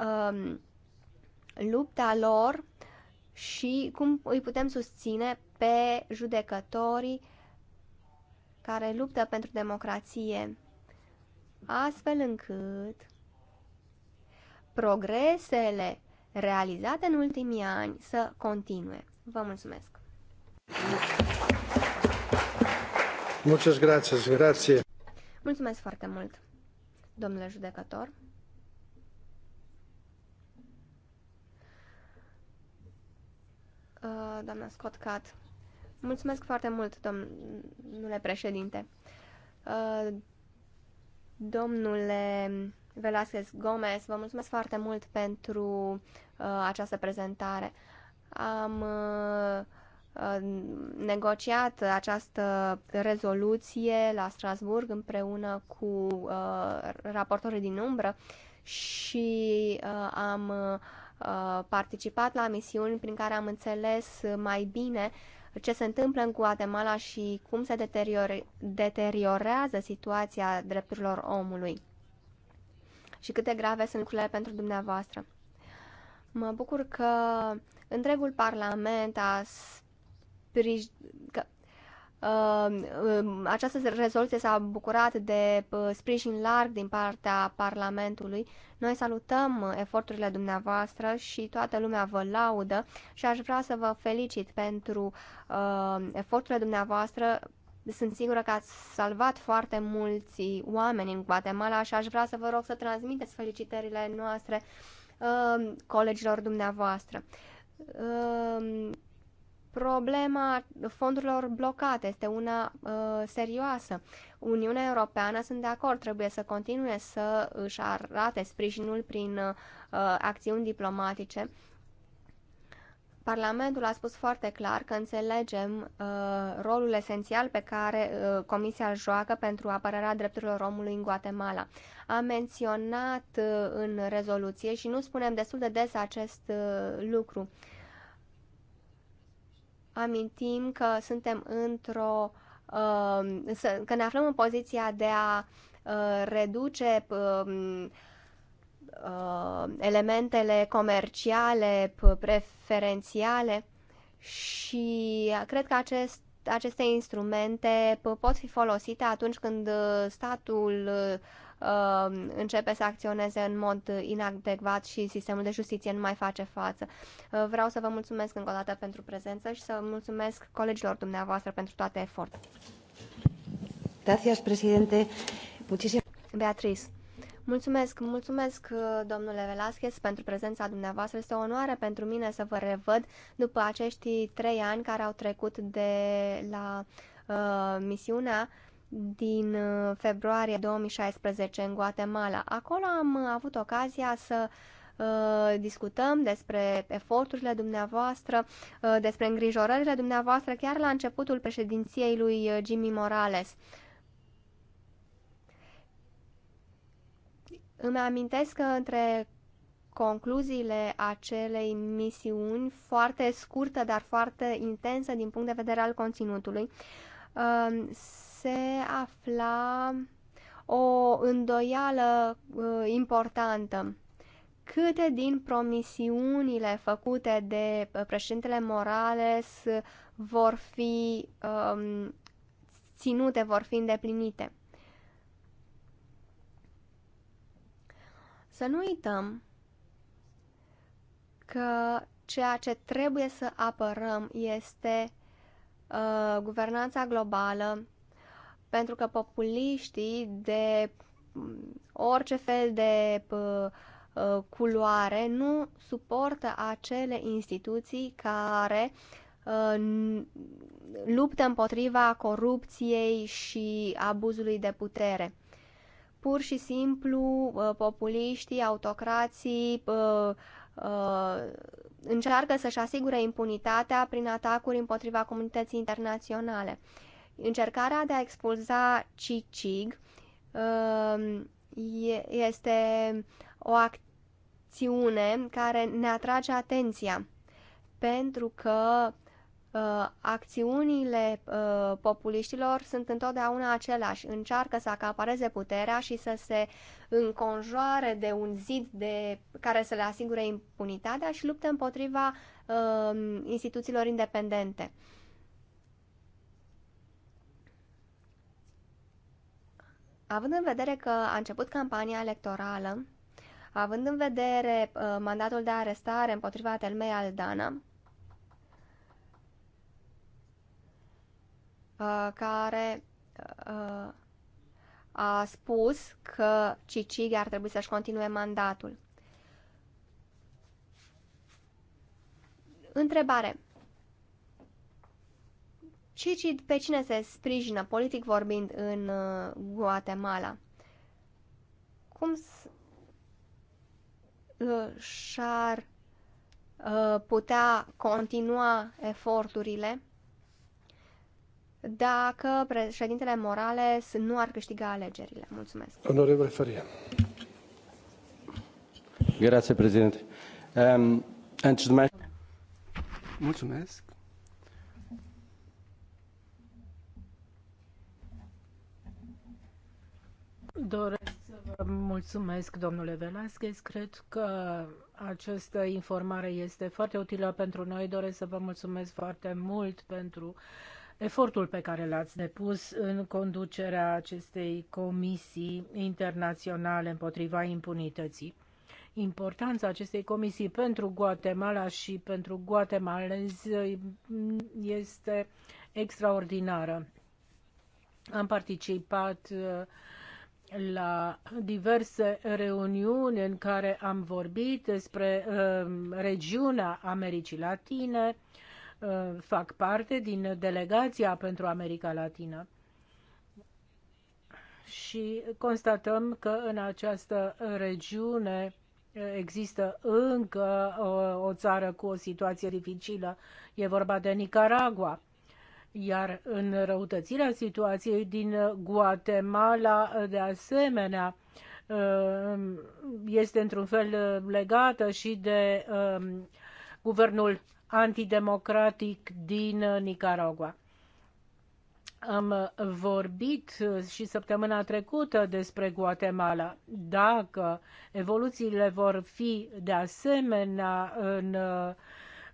um, lupta lor și cum îi putem susține pe judecătorii care luptă pentru democrație, astfel încât progresele realizate în ultimii ani să continue. Vă mulțumesc! Mulțumesc, grație, grație! Mulțumesc foarte mult, domnule judecător. Uh, doamna Scott Cat. Mulțumesc foarte mult, domnule președinte. Uh, domnule Velasquez Gomez, vă mulțumesc foarte mult pentru uh, această prezentare. Am uh, negociat această rezoluție la Strasburg împreună cu uh, raportorii din umbră și uh, am uh, participat la misiuni prin care am înțeles mai bine ce se întâmplă în Guatemala și cum se deteriore- deteriorează situația drepturilor omului și cât de grave sunt lucrurile pentru dumneavoastră. Mă bucur că întregul Parlament a sprij... că, uh, um, această rezoluție s-a bucurat de uh, sprijin larg din partea Parlamentului. Noi salutăm eforturile dumneavoastră și toată lumea vă laudă și aș vrea să vă felicit pentru uh, eforturile dumneavoastră sunt sigură că ați salvat foarte mulți oameni în Guatemala și aș vrea să vă rog să transmiteți felicitările noastre um, colegilor dumneavoastră. Um, problema fondurilor blocate este una uh, serioasă. Uniunea Europeană, sunt de acord, trebuie să continue să își arate sprijinul prin uh, acțiuni diplomatice, Parlamentul a spus foarte clar că înțelegem uh, rolul esențial pe care uh, Comisia îl joacă pentru apărarea drepturilor omului în Guatemala. A menționat uh, în rezoluție și nu spunem destul de des acest uh, lucru. Amintim că suntem într-o uh, că ne aflăm în poziția de a uh, reduce uh, Uh, elementele comerciale, preferențiale și cred că acest, aceste instrumente pot fi folosite atunci când uh, statul uh, începe să acționeze în mod inadecvat și sistemul de justiție nu mai face față. Uh, vreau să vă mulțumesc încă o dată pentru prezență și să mulțumesc colegilor dumneavoastră pentru toate eforturile. Gracias, presidente. Muchísimas Beatriz. Mulțumesc, mulțumesc, uh, domnule Velasquez, pentru prezența dumneavoastră. Este o onoare pentru mine să vă revăd după acești trei ani care au trecut de la uh, misiunea din uh, februarie 2016 în Guatemala. Acolo am avut ocazia să uh, discutăm despre eforturile dumneavoastră, uh, despre îngrijorările dumneavoastră chiar la începutul președinției lui uh, Jimmy Morales. Uh, Îmi amintesc că între concluziile acelei misiuni, foarte scurtă, dar foarte intensă din punct de vedere al conținutului, um, se afla o îndoială uh, importantă. Câte din promisiunile făcute de uh, președintele Morales vor fi um, ținute, vor fi îndeplinite? Să nu uităm că ceea ce trebuie să apărăm este uh, guvernanța globală, pentru că populiștii de mm, orice fel de uh, culoare nu suportă acele instituții care uh, luptă împotriva corupției și abuzului de putere pur și simplu uh, populiștii, autocrații uh, uh, încearcă să-și asigure impunitatea prin atacuri împotriva comunității internaționale. Încercarea de a expulza Cicig este o acțiune care ne atrage atenția pentru că Uh, acțiunile uh, populiștilor sunt întotdeauna aceleași. Încearcă să acapareze puterea și să se înconjoare de un zid de, care să le asigure impunitatea și luptă împotriva uh, instituțiilor independente. Având în vedere că a început campania electorală, având în vedere uh, mandatul de arestare împotriva Telmei Aldana, Uh, care uh, a spus că Cicighe ar trebui să-și continue mandatul. Întrebare. Cici pe cine se sprijină, politic vorbind, în uh, Guatemala? Cum și-ar putea continua eforturile dacă președintele Morales nu ar câștiga alegerile. Mulțumesc. Onorevole Faria. Grazie, președinte. Um, antes de mai. Mulțumesc. Doresc să vă mulțumesc, domnule Velasquez. Cred că această informare este foarte utilă pentru noi. Doresc să vă mulțumesc foarte mult pentru uh, efortul pe care l-ați depus în conducerea acestei comisii internaționale împotriva impunității. Importanța acestei comisii pentru Guatemala și pentru guatemalezi mm, este extraordinară. Am participat uh, la diverse reuniuni în care am vorbit despre uh, regiunea Americii Latine, uh, Uh, fac parte din delegația pentru America Latină și constatăm că în această regiune uh, există încă o, uh, o țară cu o situație dificilă. E vorba de Nicaragua. Iar în răutățirea situației din Guatemala, de asemenea, este într-un fel legată și de guvernul antidemocratic din uh, Nicaragua. Am uh, vorbit uh, și săptămâna trecută despre Guatemala. Dacă evoluțiile vor fi de asemenea în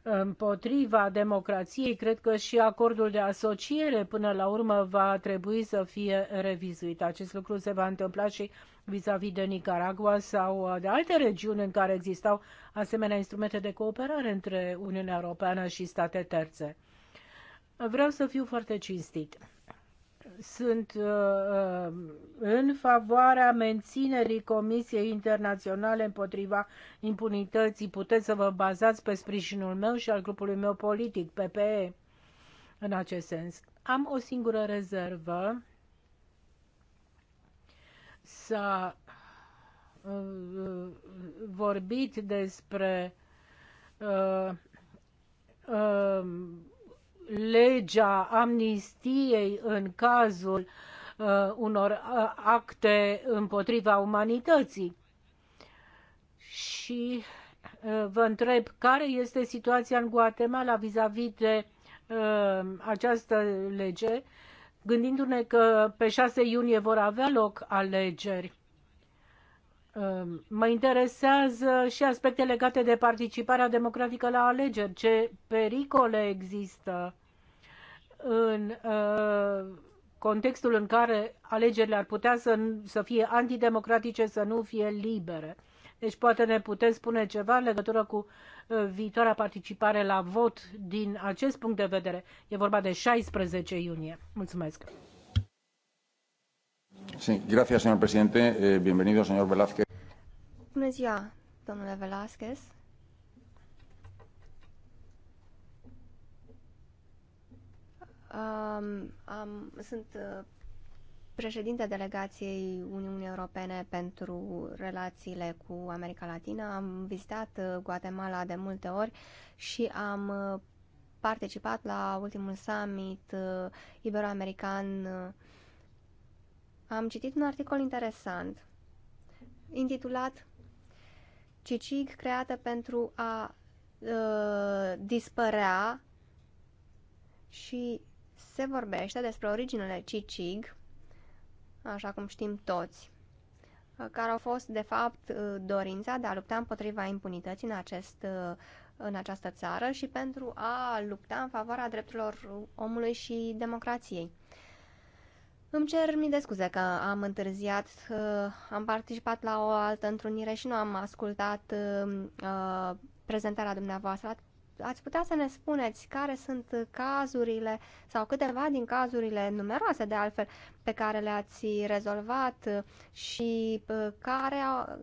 împotriva democrației, cred că și acordul de asociere până la urmă va trebui să fie revizuit. Acest lucru se va întâmpla și vis-a-vis -vis de Nicaragua sau uh, de alte regiuni în care existau asemenea instrumente de cooperare între Uniunea Europeană și state terțe. Vreau să fiu foarte cinstit. Sunt uh, uh în favoarea menținerii Comisiei Internaționale împotriva impunității. Puteți să vă bazați pe sprijinul meu și al grupului meu politic, PPE, în acest sens. Am o singură rezervă S-a uh, vorbit despre uh, uh, legea amnistiei în cazul uh, unor uh, acte împotriva umanității. Și uh, vă întreb care este situația în Guatemala vis-a-vis -vis de uh, această lege gândindu-ne că pe 6 iunie vor avea loc alegeri. Um, mă interesează și aspecte legate de participarea democratică la alegeri, ce pericole există în uh, contextul în care alegerile ar putea să, să fie antidemocratice, să nu fie libere. Deci poate ne puteți spune ceva în legătură cu uh, viitoarea participare la vot din acest punct de vedere. E vorba de 16 iunie. Mulțumesc. Sí, gracias, señor presidente. Eh, bienvenido, señor Velázquez. Bună ziua, domnule Velázquez. Um, am, sunt uh, președinte delegației Uniunii Europene pentru relațiile cu America Latina. Am vizitat uh, Guatemala de multe ori și am uh, participat la ultimul summit uh, iberoamerican. Am citit un articol interesant intitulat Cicig creată pentru a uh, dispărea și se vorbește despre originele Cicig așa cum știm toți, uh, care au fost, de fapt, uh, dorința de a lupta împotriva impunității în, acest, uh, în această țară și pentru a lupta în favoarea drepturilor omului și democrației. Îmi cer mii de scuze că am întârziat, am participat la o altă întrunire și nu am ascultat prezentarea dumneavoastră ați putea să ne spuneți care sunt cazurile sau câteva din cazurile numeroase de altfel pe care le-ați rezolvat și uh, care,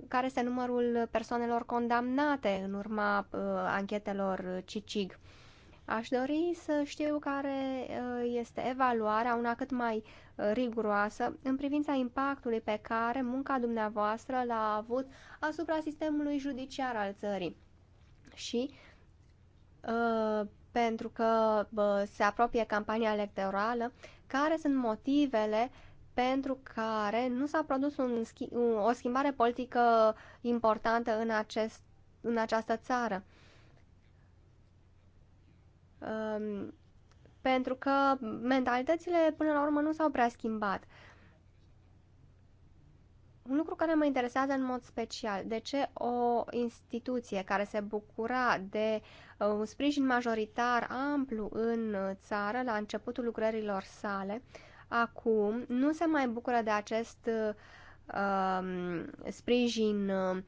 care este numărul persoanelor condamnate în urma uh, anchetelor CICIG. Aș dori să știu care uh, este evaluarea, una cât mai riguroasă, în privința impactului pe care munca dumneavoastră l-a avut asupra sistemului judiciar al țării. Și Uh, pentru că se apropie campania electorală, care sunt motivele pentru care nu s-a produs un o schimbare politică importantă în, acest, în această țară. Um, pentru că mentalitățile până la urmă nu s-au prea schimbat. Uh, un lucru care mă interesează în mod special, de ce o instituție care se bucura de uh, un sprijin majoritar amplu în țară la începutul lucrărilor sale, acum nu se mai bucură de acest uh, sprijin uh,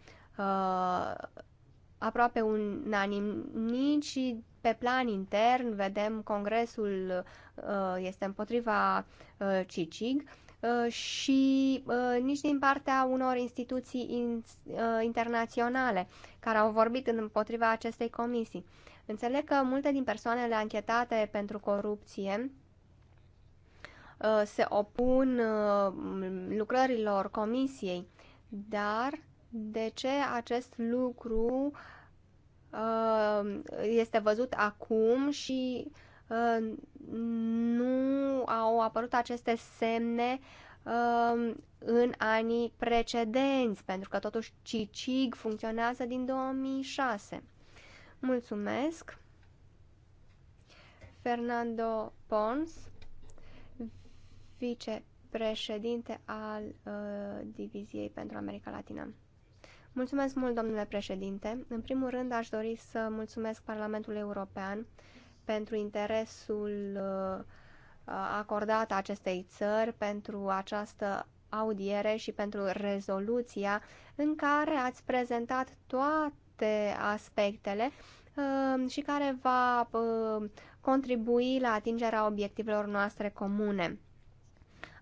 aproape unanim, nici pe plan intern, vedem Congresul uh, este împotriva uh, CICIG, Uh, și uh, nici din partea unor instituții uh, internaționale care au vorbit împotriva acestei comisii. Înțeleg că multe din persoanele anchetate pentru corupție se opun lucrărilor comisiei, dar de ce acest lucru este văzut acum și nu au apărut aceste semne um, în anii precedenți, pentru că totuși CICIG funcționează din 2006. Mulțumesc! Fernando Pons, vicepreședinte al uh, Diviziei pentru America Latină. Mulțumesc mult, domnule președinte. În primul rând, aș dori să mulțumesc Parlamentului European uh, pentru interesul uh, acordat acestei țări, pentru această audiere și pentru rezoluția în care ați prezentat toate aspectele uh, și care va uh, contribui la atingerea obiectivelor noastre comune.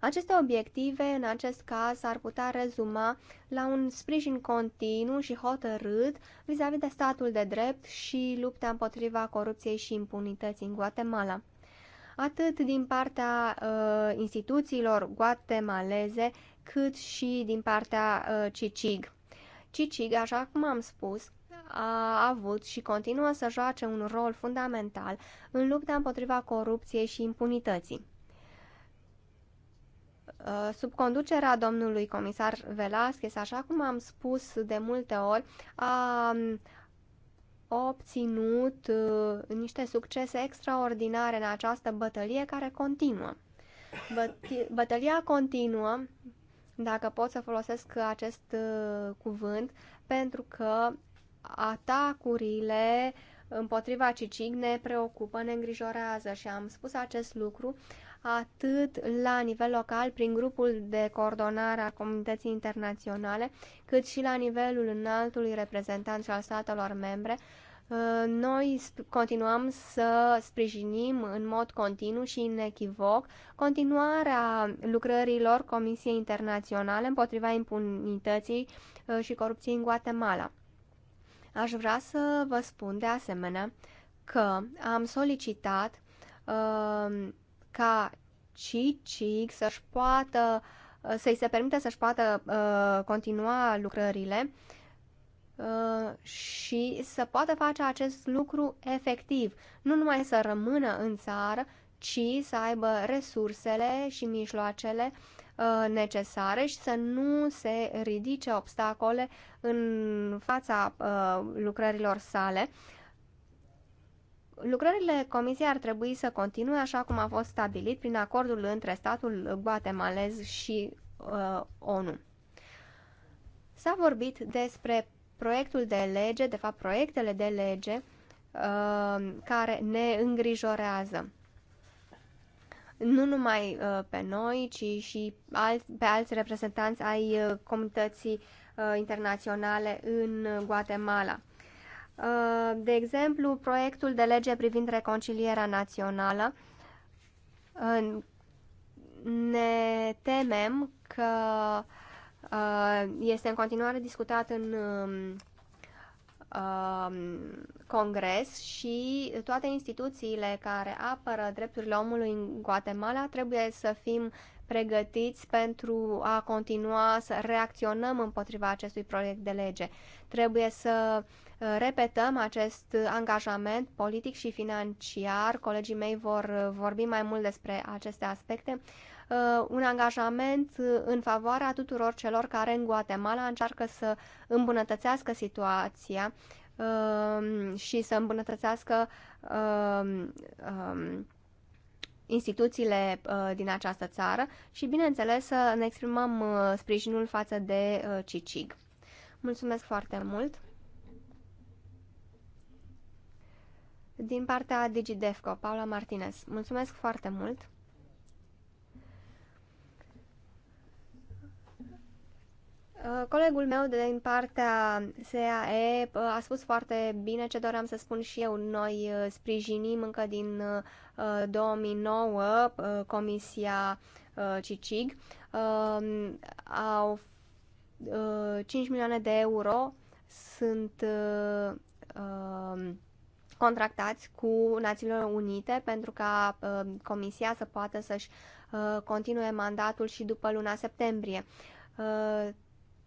Aceste obiective, în acest caz, ar putea rezuma la un sprijin continuu și hotărât vis-a-vis -vis de statul de drept și lupta împotriva corupției și impunității în Guatemala. Atât din partea uh, instituțiilor guatemaleze, cât și din partea uh, CICIG. CICIG, așa cum am spus, a avut și continuă să joace un rol fundamental în lupta împotriva corupției și impunității. Uh, sub conducerea domnului comisar Velasquez, așa cum am spus de multe ori, a obținut uh, niște succese extraordinare în această bătălie care continuă. Bătălia continuă, dacă pot să folosesc acest uh, cuvânt, pentru că atacurile împotriva CICIG ne preocupă, ne îngrijorează și am spus acest lucru atât la nivel local, prin grupul de coordonare a comunității internaționale, cât și la nivelul înaltului reprezentant și al statelor membre, uh, noi continuăm să sprijinim în mod continuu și inechivoc continuarea lucrărilor Comisiei Internaționale împotriva impunității uh, și corupției în Guatemala. Aș vrea să vă spun de asemenea că am solicitat uh, ca Cicic să-și poată, uh, să-i se permite să-și poată uh, continua lucrările uh, și să poată face acest lucru efectiv. Nu numai să rămână în țară, ci să aibă resursele și mijloacele uh, necesare și să nu se ridice obstacole în fața uh, lucrărilor sale Lucrările comisiei ar trebui să continue așa cum a fost stabilit prin acordul între statul guatemalez și uh, ONU. S-a vorbit despre proiectul de lege, de fapt proiectele de lege uh, care ne îngrijorează. Nu numai uh, pe noi, ci și alți, pe alți reprezentanți ai uh, comunității uh, internaționale în Guatemala. Uh, de exemplu, proiectul de lege privind reconcilierea națională. Ne temem că uh, este în continuare discutat în um, um, Congres și toate instituțiile care apără drepturile omului în Guatemala trebuie să fim pregătiți pentru a continua să reacționăm împotriva acestui proiect de lege. Trebuie să uh, repetăm acest angajament politic și financiar. Colegii mei vor uh, vorbi mai mult despre aceste aspecte. Uh, un angajament în favoarea tuturor celor care în Guatemala încearcă să îmbunătățească situația și să îmbunătățească um, instituțiile uh, din această țară și, bineînțeles, să ne exprimăm uh, sprijinul față de uh, CICIG. Mulțumesc foarte mult! Din partea DigiDefco, Paula Martinez, mulțumesc foarte mult! Uh, colegul meu din partea SAE uh, a spus foarte bine ce doream să spun și eu. Noi uh, sprijinim încă din 2009 Comisia CICIG. Um, au 5 milioane de euro sunt um, contractați cu Națiunile Unite pentru ca Comisia să poată să-și continue mandatul și după luna septembrie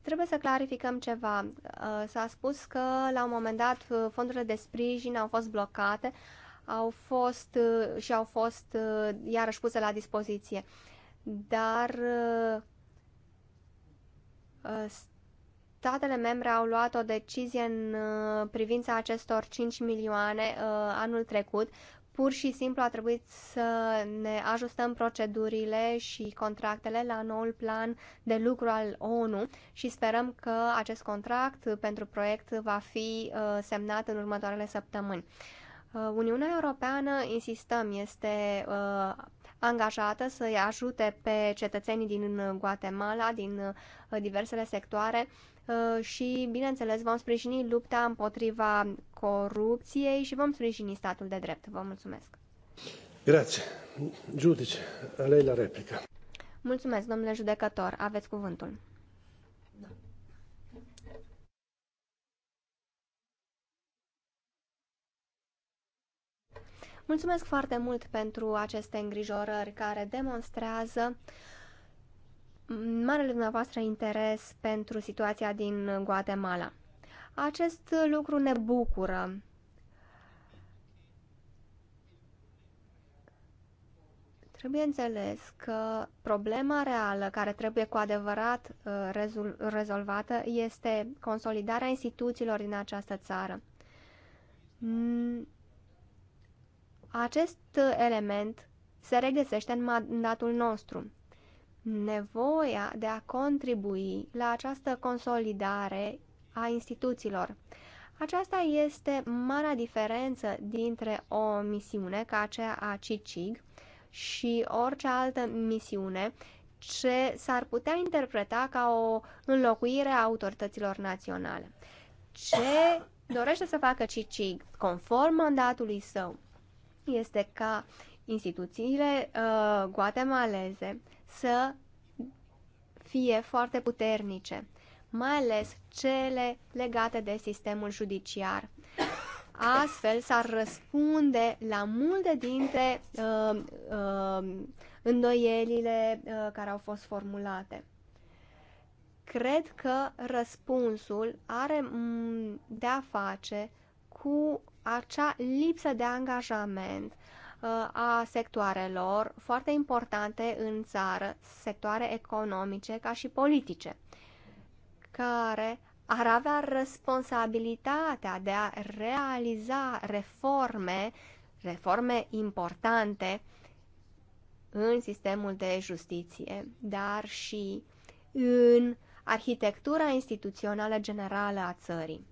Trebuie să clarificăm ceva. Uh, s-a spus că la un moment dat uh, fondurile de sprijin au fost blocate au fost uh, și au fost iarăși puse la dispoziție. Dar statele membre au luat o decizie în privința acestor 5 milioane anul trecut, Pur și simplu a trebuit să ne ajustăm procedurile și contractele la noul plan de lucru al ONU și sperăm că acest contract pentru proiect va fi uh, semnat în următoarele săptămâni. Uh, Uniunea Europeană, insistăm, este uh, angajată să-i ajute pe cetățenii din Guatemala, din diversele sectoare, Uh, și, bineînțeles, vom sprijini lupta împotriva corupției și vom sprijini statul de drept. Vă mulțumesc! Grație! Judici, alei la replică. Mulțumesc, domnule judecător. Aveți cuvântul. Mulțumesc foarte mult pentru aceste îngrijorări care demonstrează marele dumneavoastră interes pentru situația din Guatemala. Acest lucru ne bucură. Trebuie înțeles că problema reală care trebuie cu adevărat uh, rezolvată este consolidarea instituțiilor din această țară. Acest element se regăsește în mandatul nostru nevoia de a contribui la această consolidare a instituțiilor. Aceasta este marea diferență dintre o misiune ca aceea a CICIG și orice altă misiune ce s-ar putea interpreta ca o înlocuire a autorităților naționale. Ce dorește să facă CICIG conform mandatului său este ca instituțiile uh, guatemaleze să fie foarte puternice, mai ales cele legate de sistemul judiciar. Astfel s-ar răspunde la multe dintre uh, uh, îndoielile uh, care au fost formulate. Cred că răspunsul are mm, de a face cu acea lipsă de angajament a sectoarelor foarte importante în țară, sectoare economice ca și politice, care ar avea responsabilitatea de a realiza reforme, reforme importante în sistemul de justiție, dar și în arhitectura instituțională generală a țării.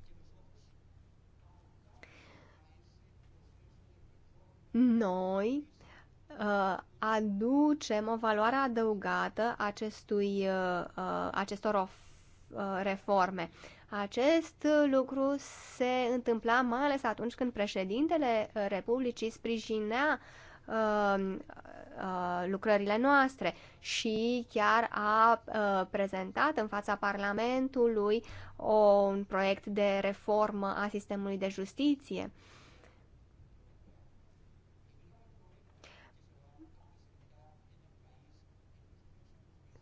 noi uh, aducem o valoare adăugată acestui, uh, uh, acestor reforme. Acest lucru se întâmpla mai ales atunci când președintele Republicii sprijinea lucrările noastre și chiar a prezentat în fața Parlamentului un proiect de reformă a sistemului de justiție.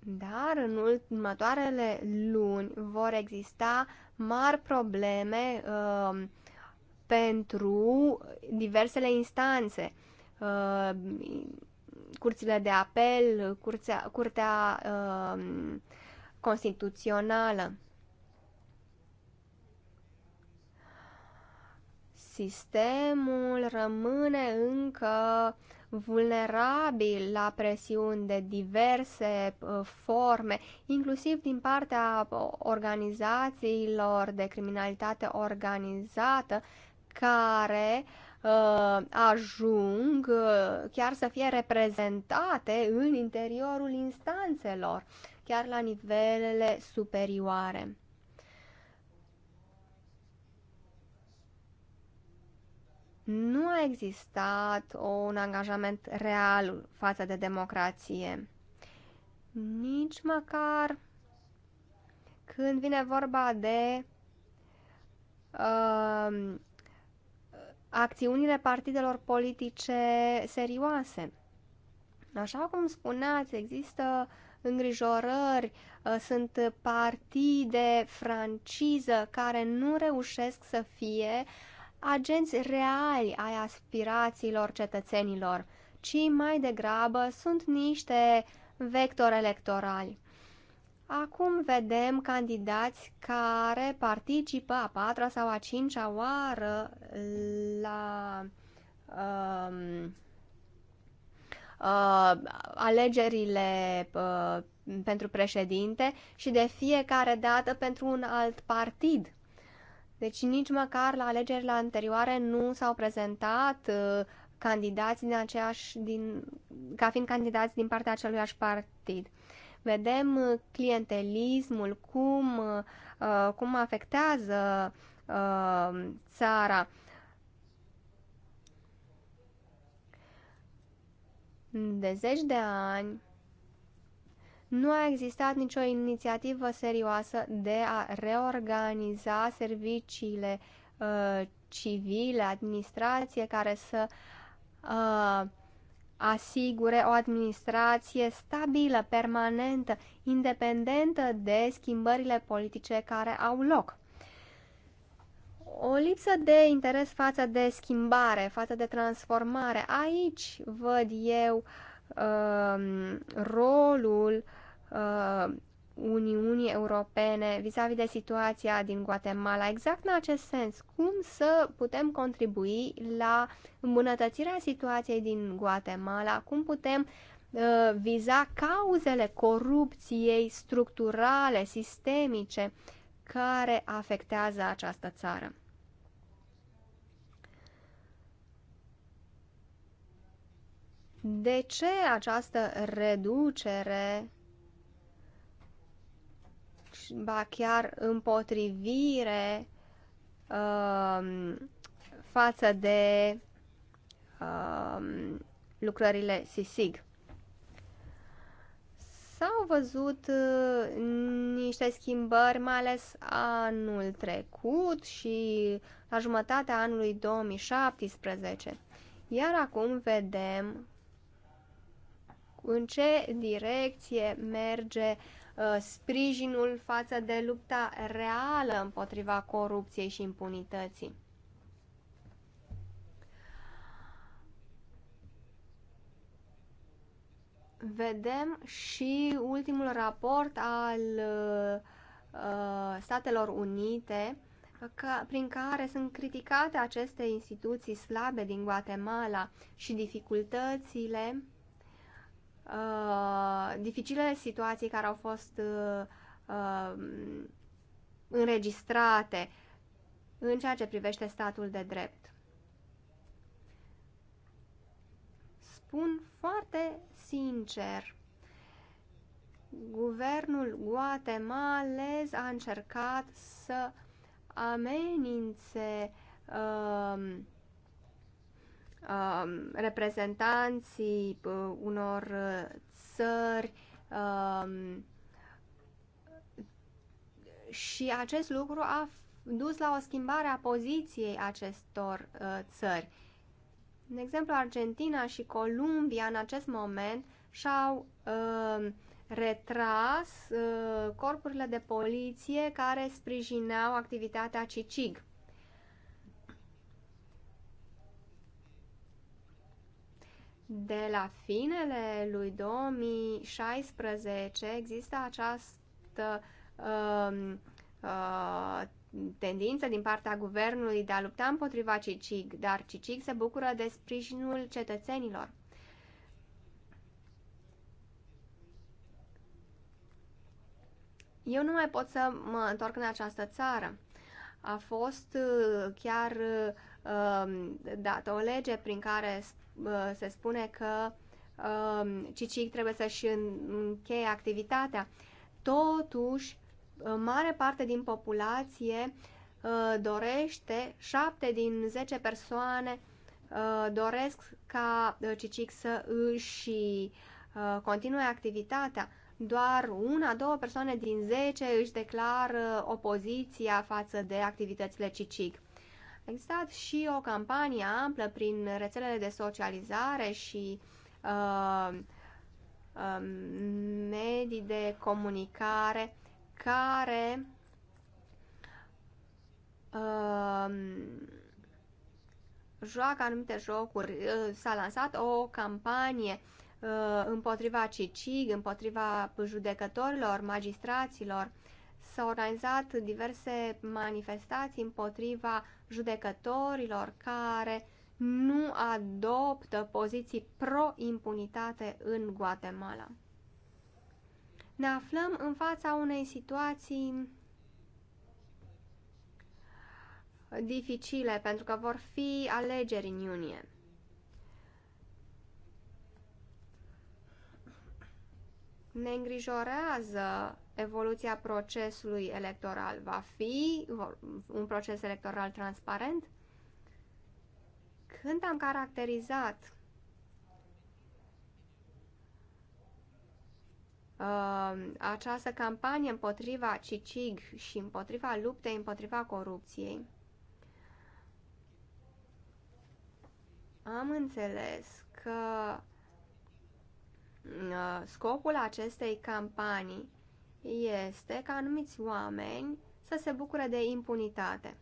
Dar în următoarele luni vor exista mari probleme uh, pentru diversele instanțe. Uh, curțile de apel, curțea, curtea uh, constituțională. Sistemul rămâne încă uh, vulnerabil la presiuni de diverse uh, forme, inclusiv din partea uh, organizațiilor de criminalitate organizată care uh, ajung chiar să fie reprezentate în interiorul instanțelor, chiar la nivelele superioare. nu a existat un angajament real față de democrație. Nici măcar când vine vorba de uh, acțiunile partidelor politice serioase. Așa cum spuneați, există îngrijorări, uh, sunt partide franciză care nu reușesc să fie uh, agenți reali ai aspirațiilor cetățenilor, ci mai degrabă sunt niște vectori electorali. Acum vedem candidați care participă a patra sau a cincea oară la um, uh, alegerile uh, pentru președinte și de fiecare dată pentru un alt partid. Deci nici măcar la alegerile anterioare nu s-au prezentat uh, candidați din aceeași, din, ca fiind candidați din partea aceluiași partid. Vedem uh, clientelismul, cum, uh, cum afectează țara. De zeci de ani nu a existat nicio inițiativă serioasă de a reorganiza serviciile uh, civile, administrație care să uh, asigure o administrație stabilă, permanentă, independentă de schimbările politice care au loc. O lipsă de interes față de schimbare, față de transformare, aici văd eu uh, uh, rolul uh, Uniunii Europene vis-a-vis -vis de situația din Guatemala. Exact în acest sens, cum să putem contribui la îmbunătățirea situației din Guatemala, cum putem uh, viza cauzele corupției structurale, sistemice, care afectează această țară. De ce această reducere, ba chiar împotrivire uh, față de uh, lucrările SISIG? s-au văzut uh, niște schimbări, mai ales anul trecut și la jumătatea anului 2017. Iar acum vedem în ce direcție merge uh, sprijinul față de lupta reală împotriva corupției și impunității. Vedem și ultimul raport al uh, Statelor Unite prin care sunt criticate aceste instituții slabe din Guatemala și dificultățile uh, dificile situații care au fost uh, uh, înregistrate în ceea ce privește statul de drept. Spun foarte sincer, guvernul guatemalez a încercat să amenințe uh, Um, reprezentanții uh, unor uh, țări um, și acest lucru a dus la o schimbare a poziției acestor uh, țări. De exemplu, Argentina și Columbia în acest moment și-au um, retras corpurile de poliție care sprijineau activitatea CICIG. De la finele lui 2016 există această uh, uh, tendință din partea guvernului de a lupta împotriva CICIG, dar CICIG se bucură de sprijinul cetățenilor. Eu nu mai pot să mă întorc în această țară. A fost uh, chiar uh, um, o lege prin care Uh, se spune că um, CICIC trebuie să-și încheie activitatea. Totuși, uh, mare parte din populație uh, dorește, 7 din 10 persoane doresc ca CICIC să își continue activitatea. Doar una, două persoane din 10 își declară opoziția față de activitățile CICIC. A existat și o campanie amplă prin rețelele de socializare și uh, uh, medii de comunicare care uh, joacă anumite jocuri. Uh, s-a lansat o campanie uh, împotriva CICIG, împotriva judecătorilor, magistraților, s-au organizat diverse manifestații împotriva judecătorilor care nu adoptă poziții pro-impunitate în Guatemala. Ne aflăm în fața unei situații dificile pentru că vor fi alegeri în iunie. Ne îngrijorează evoluția procesului electoral. Va fi un proces electoral transparent? Când am caracterizat uh, această campanie împotriva CICIG și împotriva luptei împotriva corupției, am înțeles că Uh, scopul acestei campanii este ca anumiți oameni să se bucure de impunitate.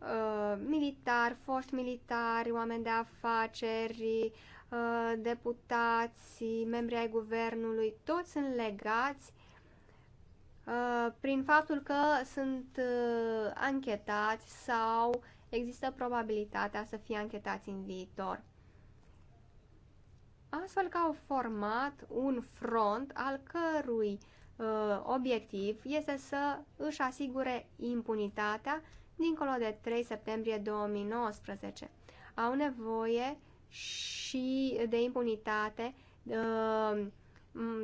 Uh, militar, foști militari, oameni de afaceri, uh, deputați, membri ai guvernului, toți sunt legați prin faptul că sunt anchetați sau există probabilitatea să fie anchetați în viitor astfel că au format un front al cărui uh, obiectiv este să își asigure impunitatea dincolo de 3 septembrie 2019. Au nevoie și de impunitate uh,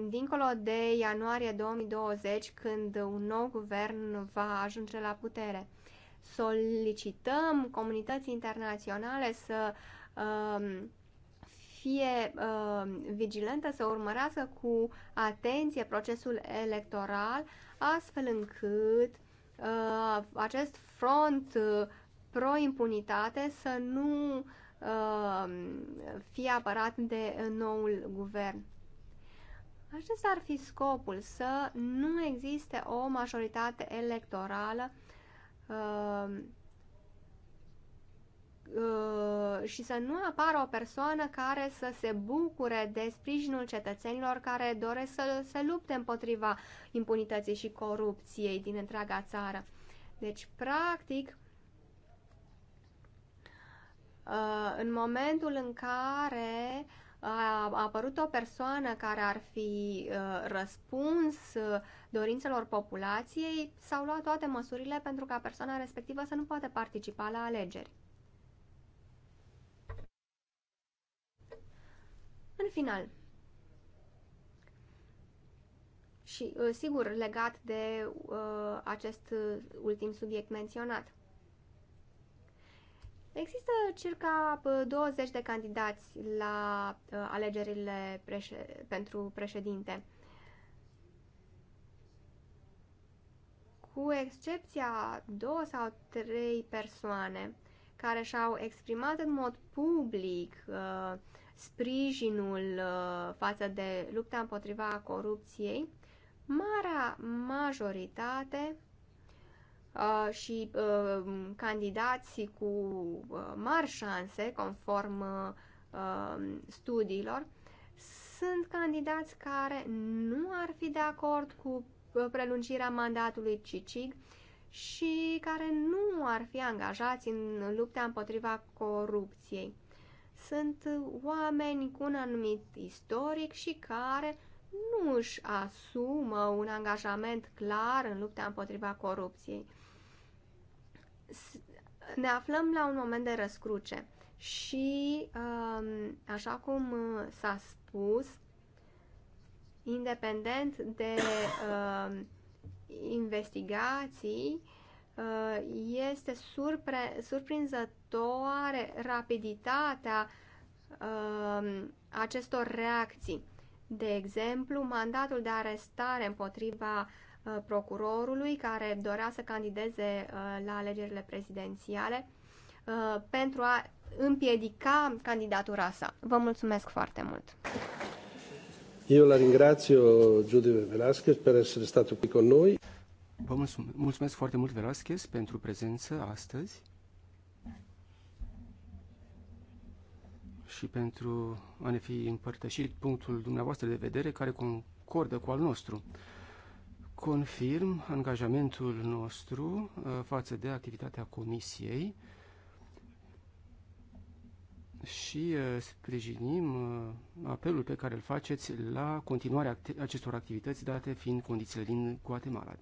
dincolo de ianuarie 2020, când un nou guvern va ajunge la putere. Solicităm comunității internaționale să uh, fie uh, vigilentă, să urmărească cu atenție procesul electoral, astfel încât uh, acest front uh, pro-impunitate să nu uh, fie apărat de noul guvern. Acesta ar fi scopul, să nu existe o majoritate electorală uh, Uh, și să nu apară o persoană care să se bucure de sprijinul cetățenilor care doresc să se lupte împotriva impunității și corupției din întreaga țară. Deci, practic, uh, în momentul în care a apărut o persoană care ar fi uh, răspuns dorințelor populației, s-au luat toate măsurile pentru ca persoana respectivă să nu poată participa la alegeri. În final, și uh, sigur legat de uh, acest ultim subiect menționat. Există circa 20 uh, de candidați la uh, alegerile preș- pentru președinte. Cu excepția două sau trei persoane care și-au exprimat în mod public uh, sprijinul uh, față de lupta împotriva corupției, marea majoritate uh, și uh, candidații cu mari șanse, conform studiilor, sunt candidați care nu ar fi de acord cu prelungirea mandatului CICIG și care nu ar fi angajați în lupta împotriva corupției sunt oameni cu un anumit istoric și care nu își asumă un angajament clar în lupta împotriva corupției. Ne aflăm la un moment de răscruce și, um, așa cum uh, s-a spus, independent de um, investigații, uh, este surpre, surprinzător viitoare rapiditatea uh, acestor reacții. De exemplu, mandatul de arestare împotriva uh, procurorului care dorea să candideze uh, la alegerile prezidențiale uh, pentru a împiedica candidatura sa. Vă mulțumesc foarte mult! Eu la ringrazio Giudice Velasquez per essere stato qui con noi. Vă mulțumesc, mulțumesc foarte mult, Velasquez, pentru prezență astăzi. și pentru a ne fi împărtășit punctul dumneavoastră de vedere care concordă cu al nostru. Confirm angajamentul nostru uh, față de activitatea Comisiei și uh, sprijinim uh, apelul pe care îl faceți la continuarea acestor activități date fiind condițiile din Guatemala.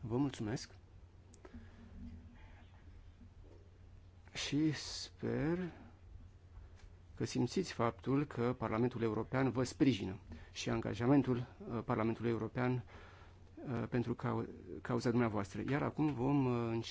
Vă mulțumesc și sper că simțiți faptul că Parlamentul European vă sprijină și angajamentul uh, Parlamentului European uh, pentru cauza dumneavoastră. Iar acum vom uh, începe.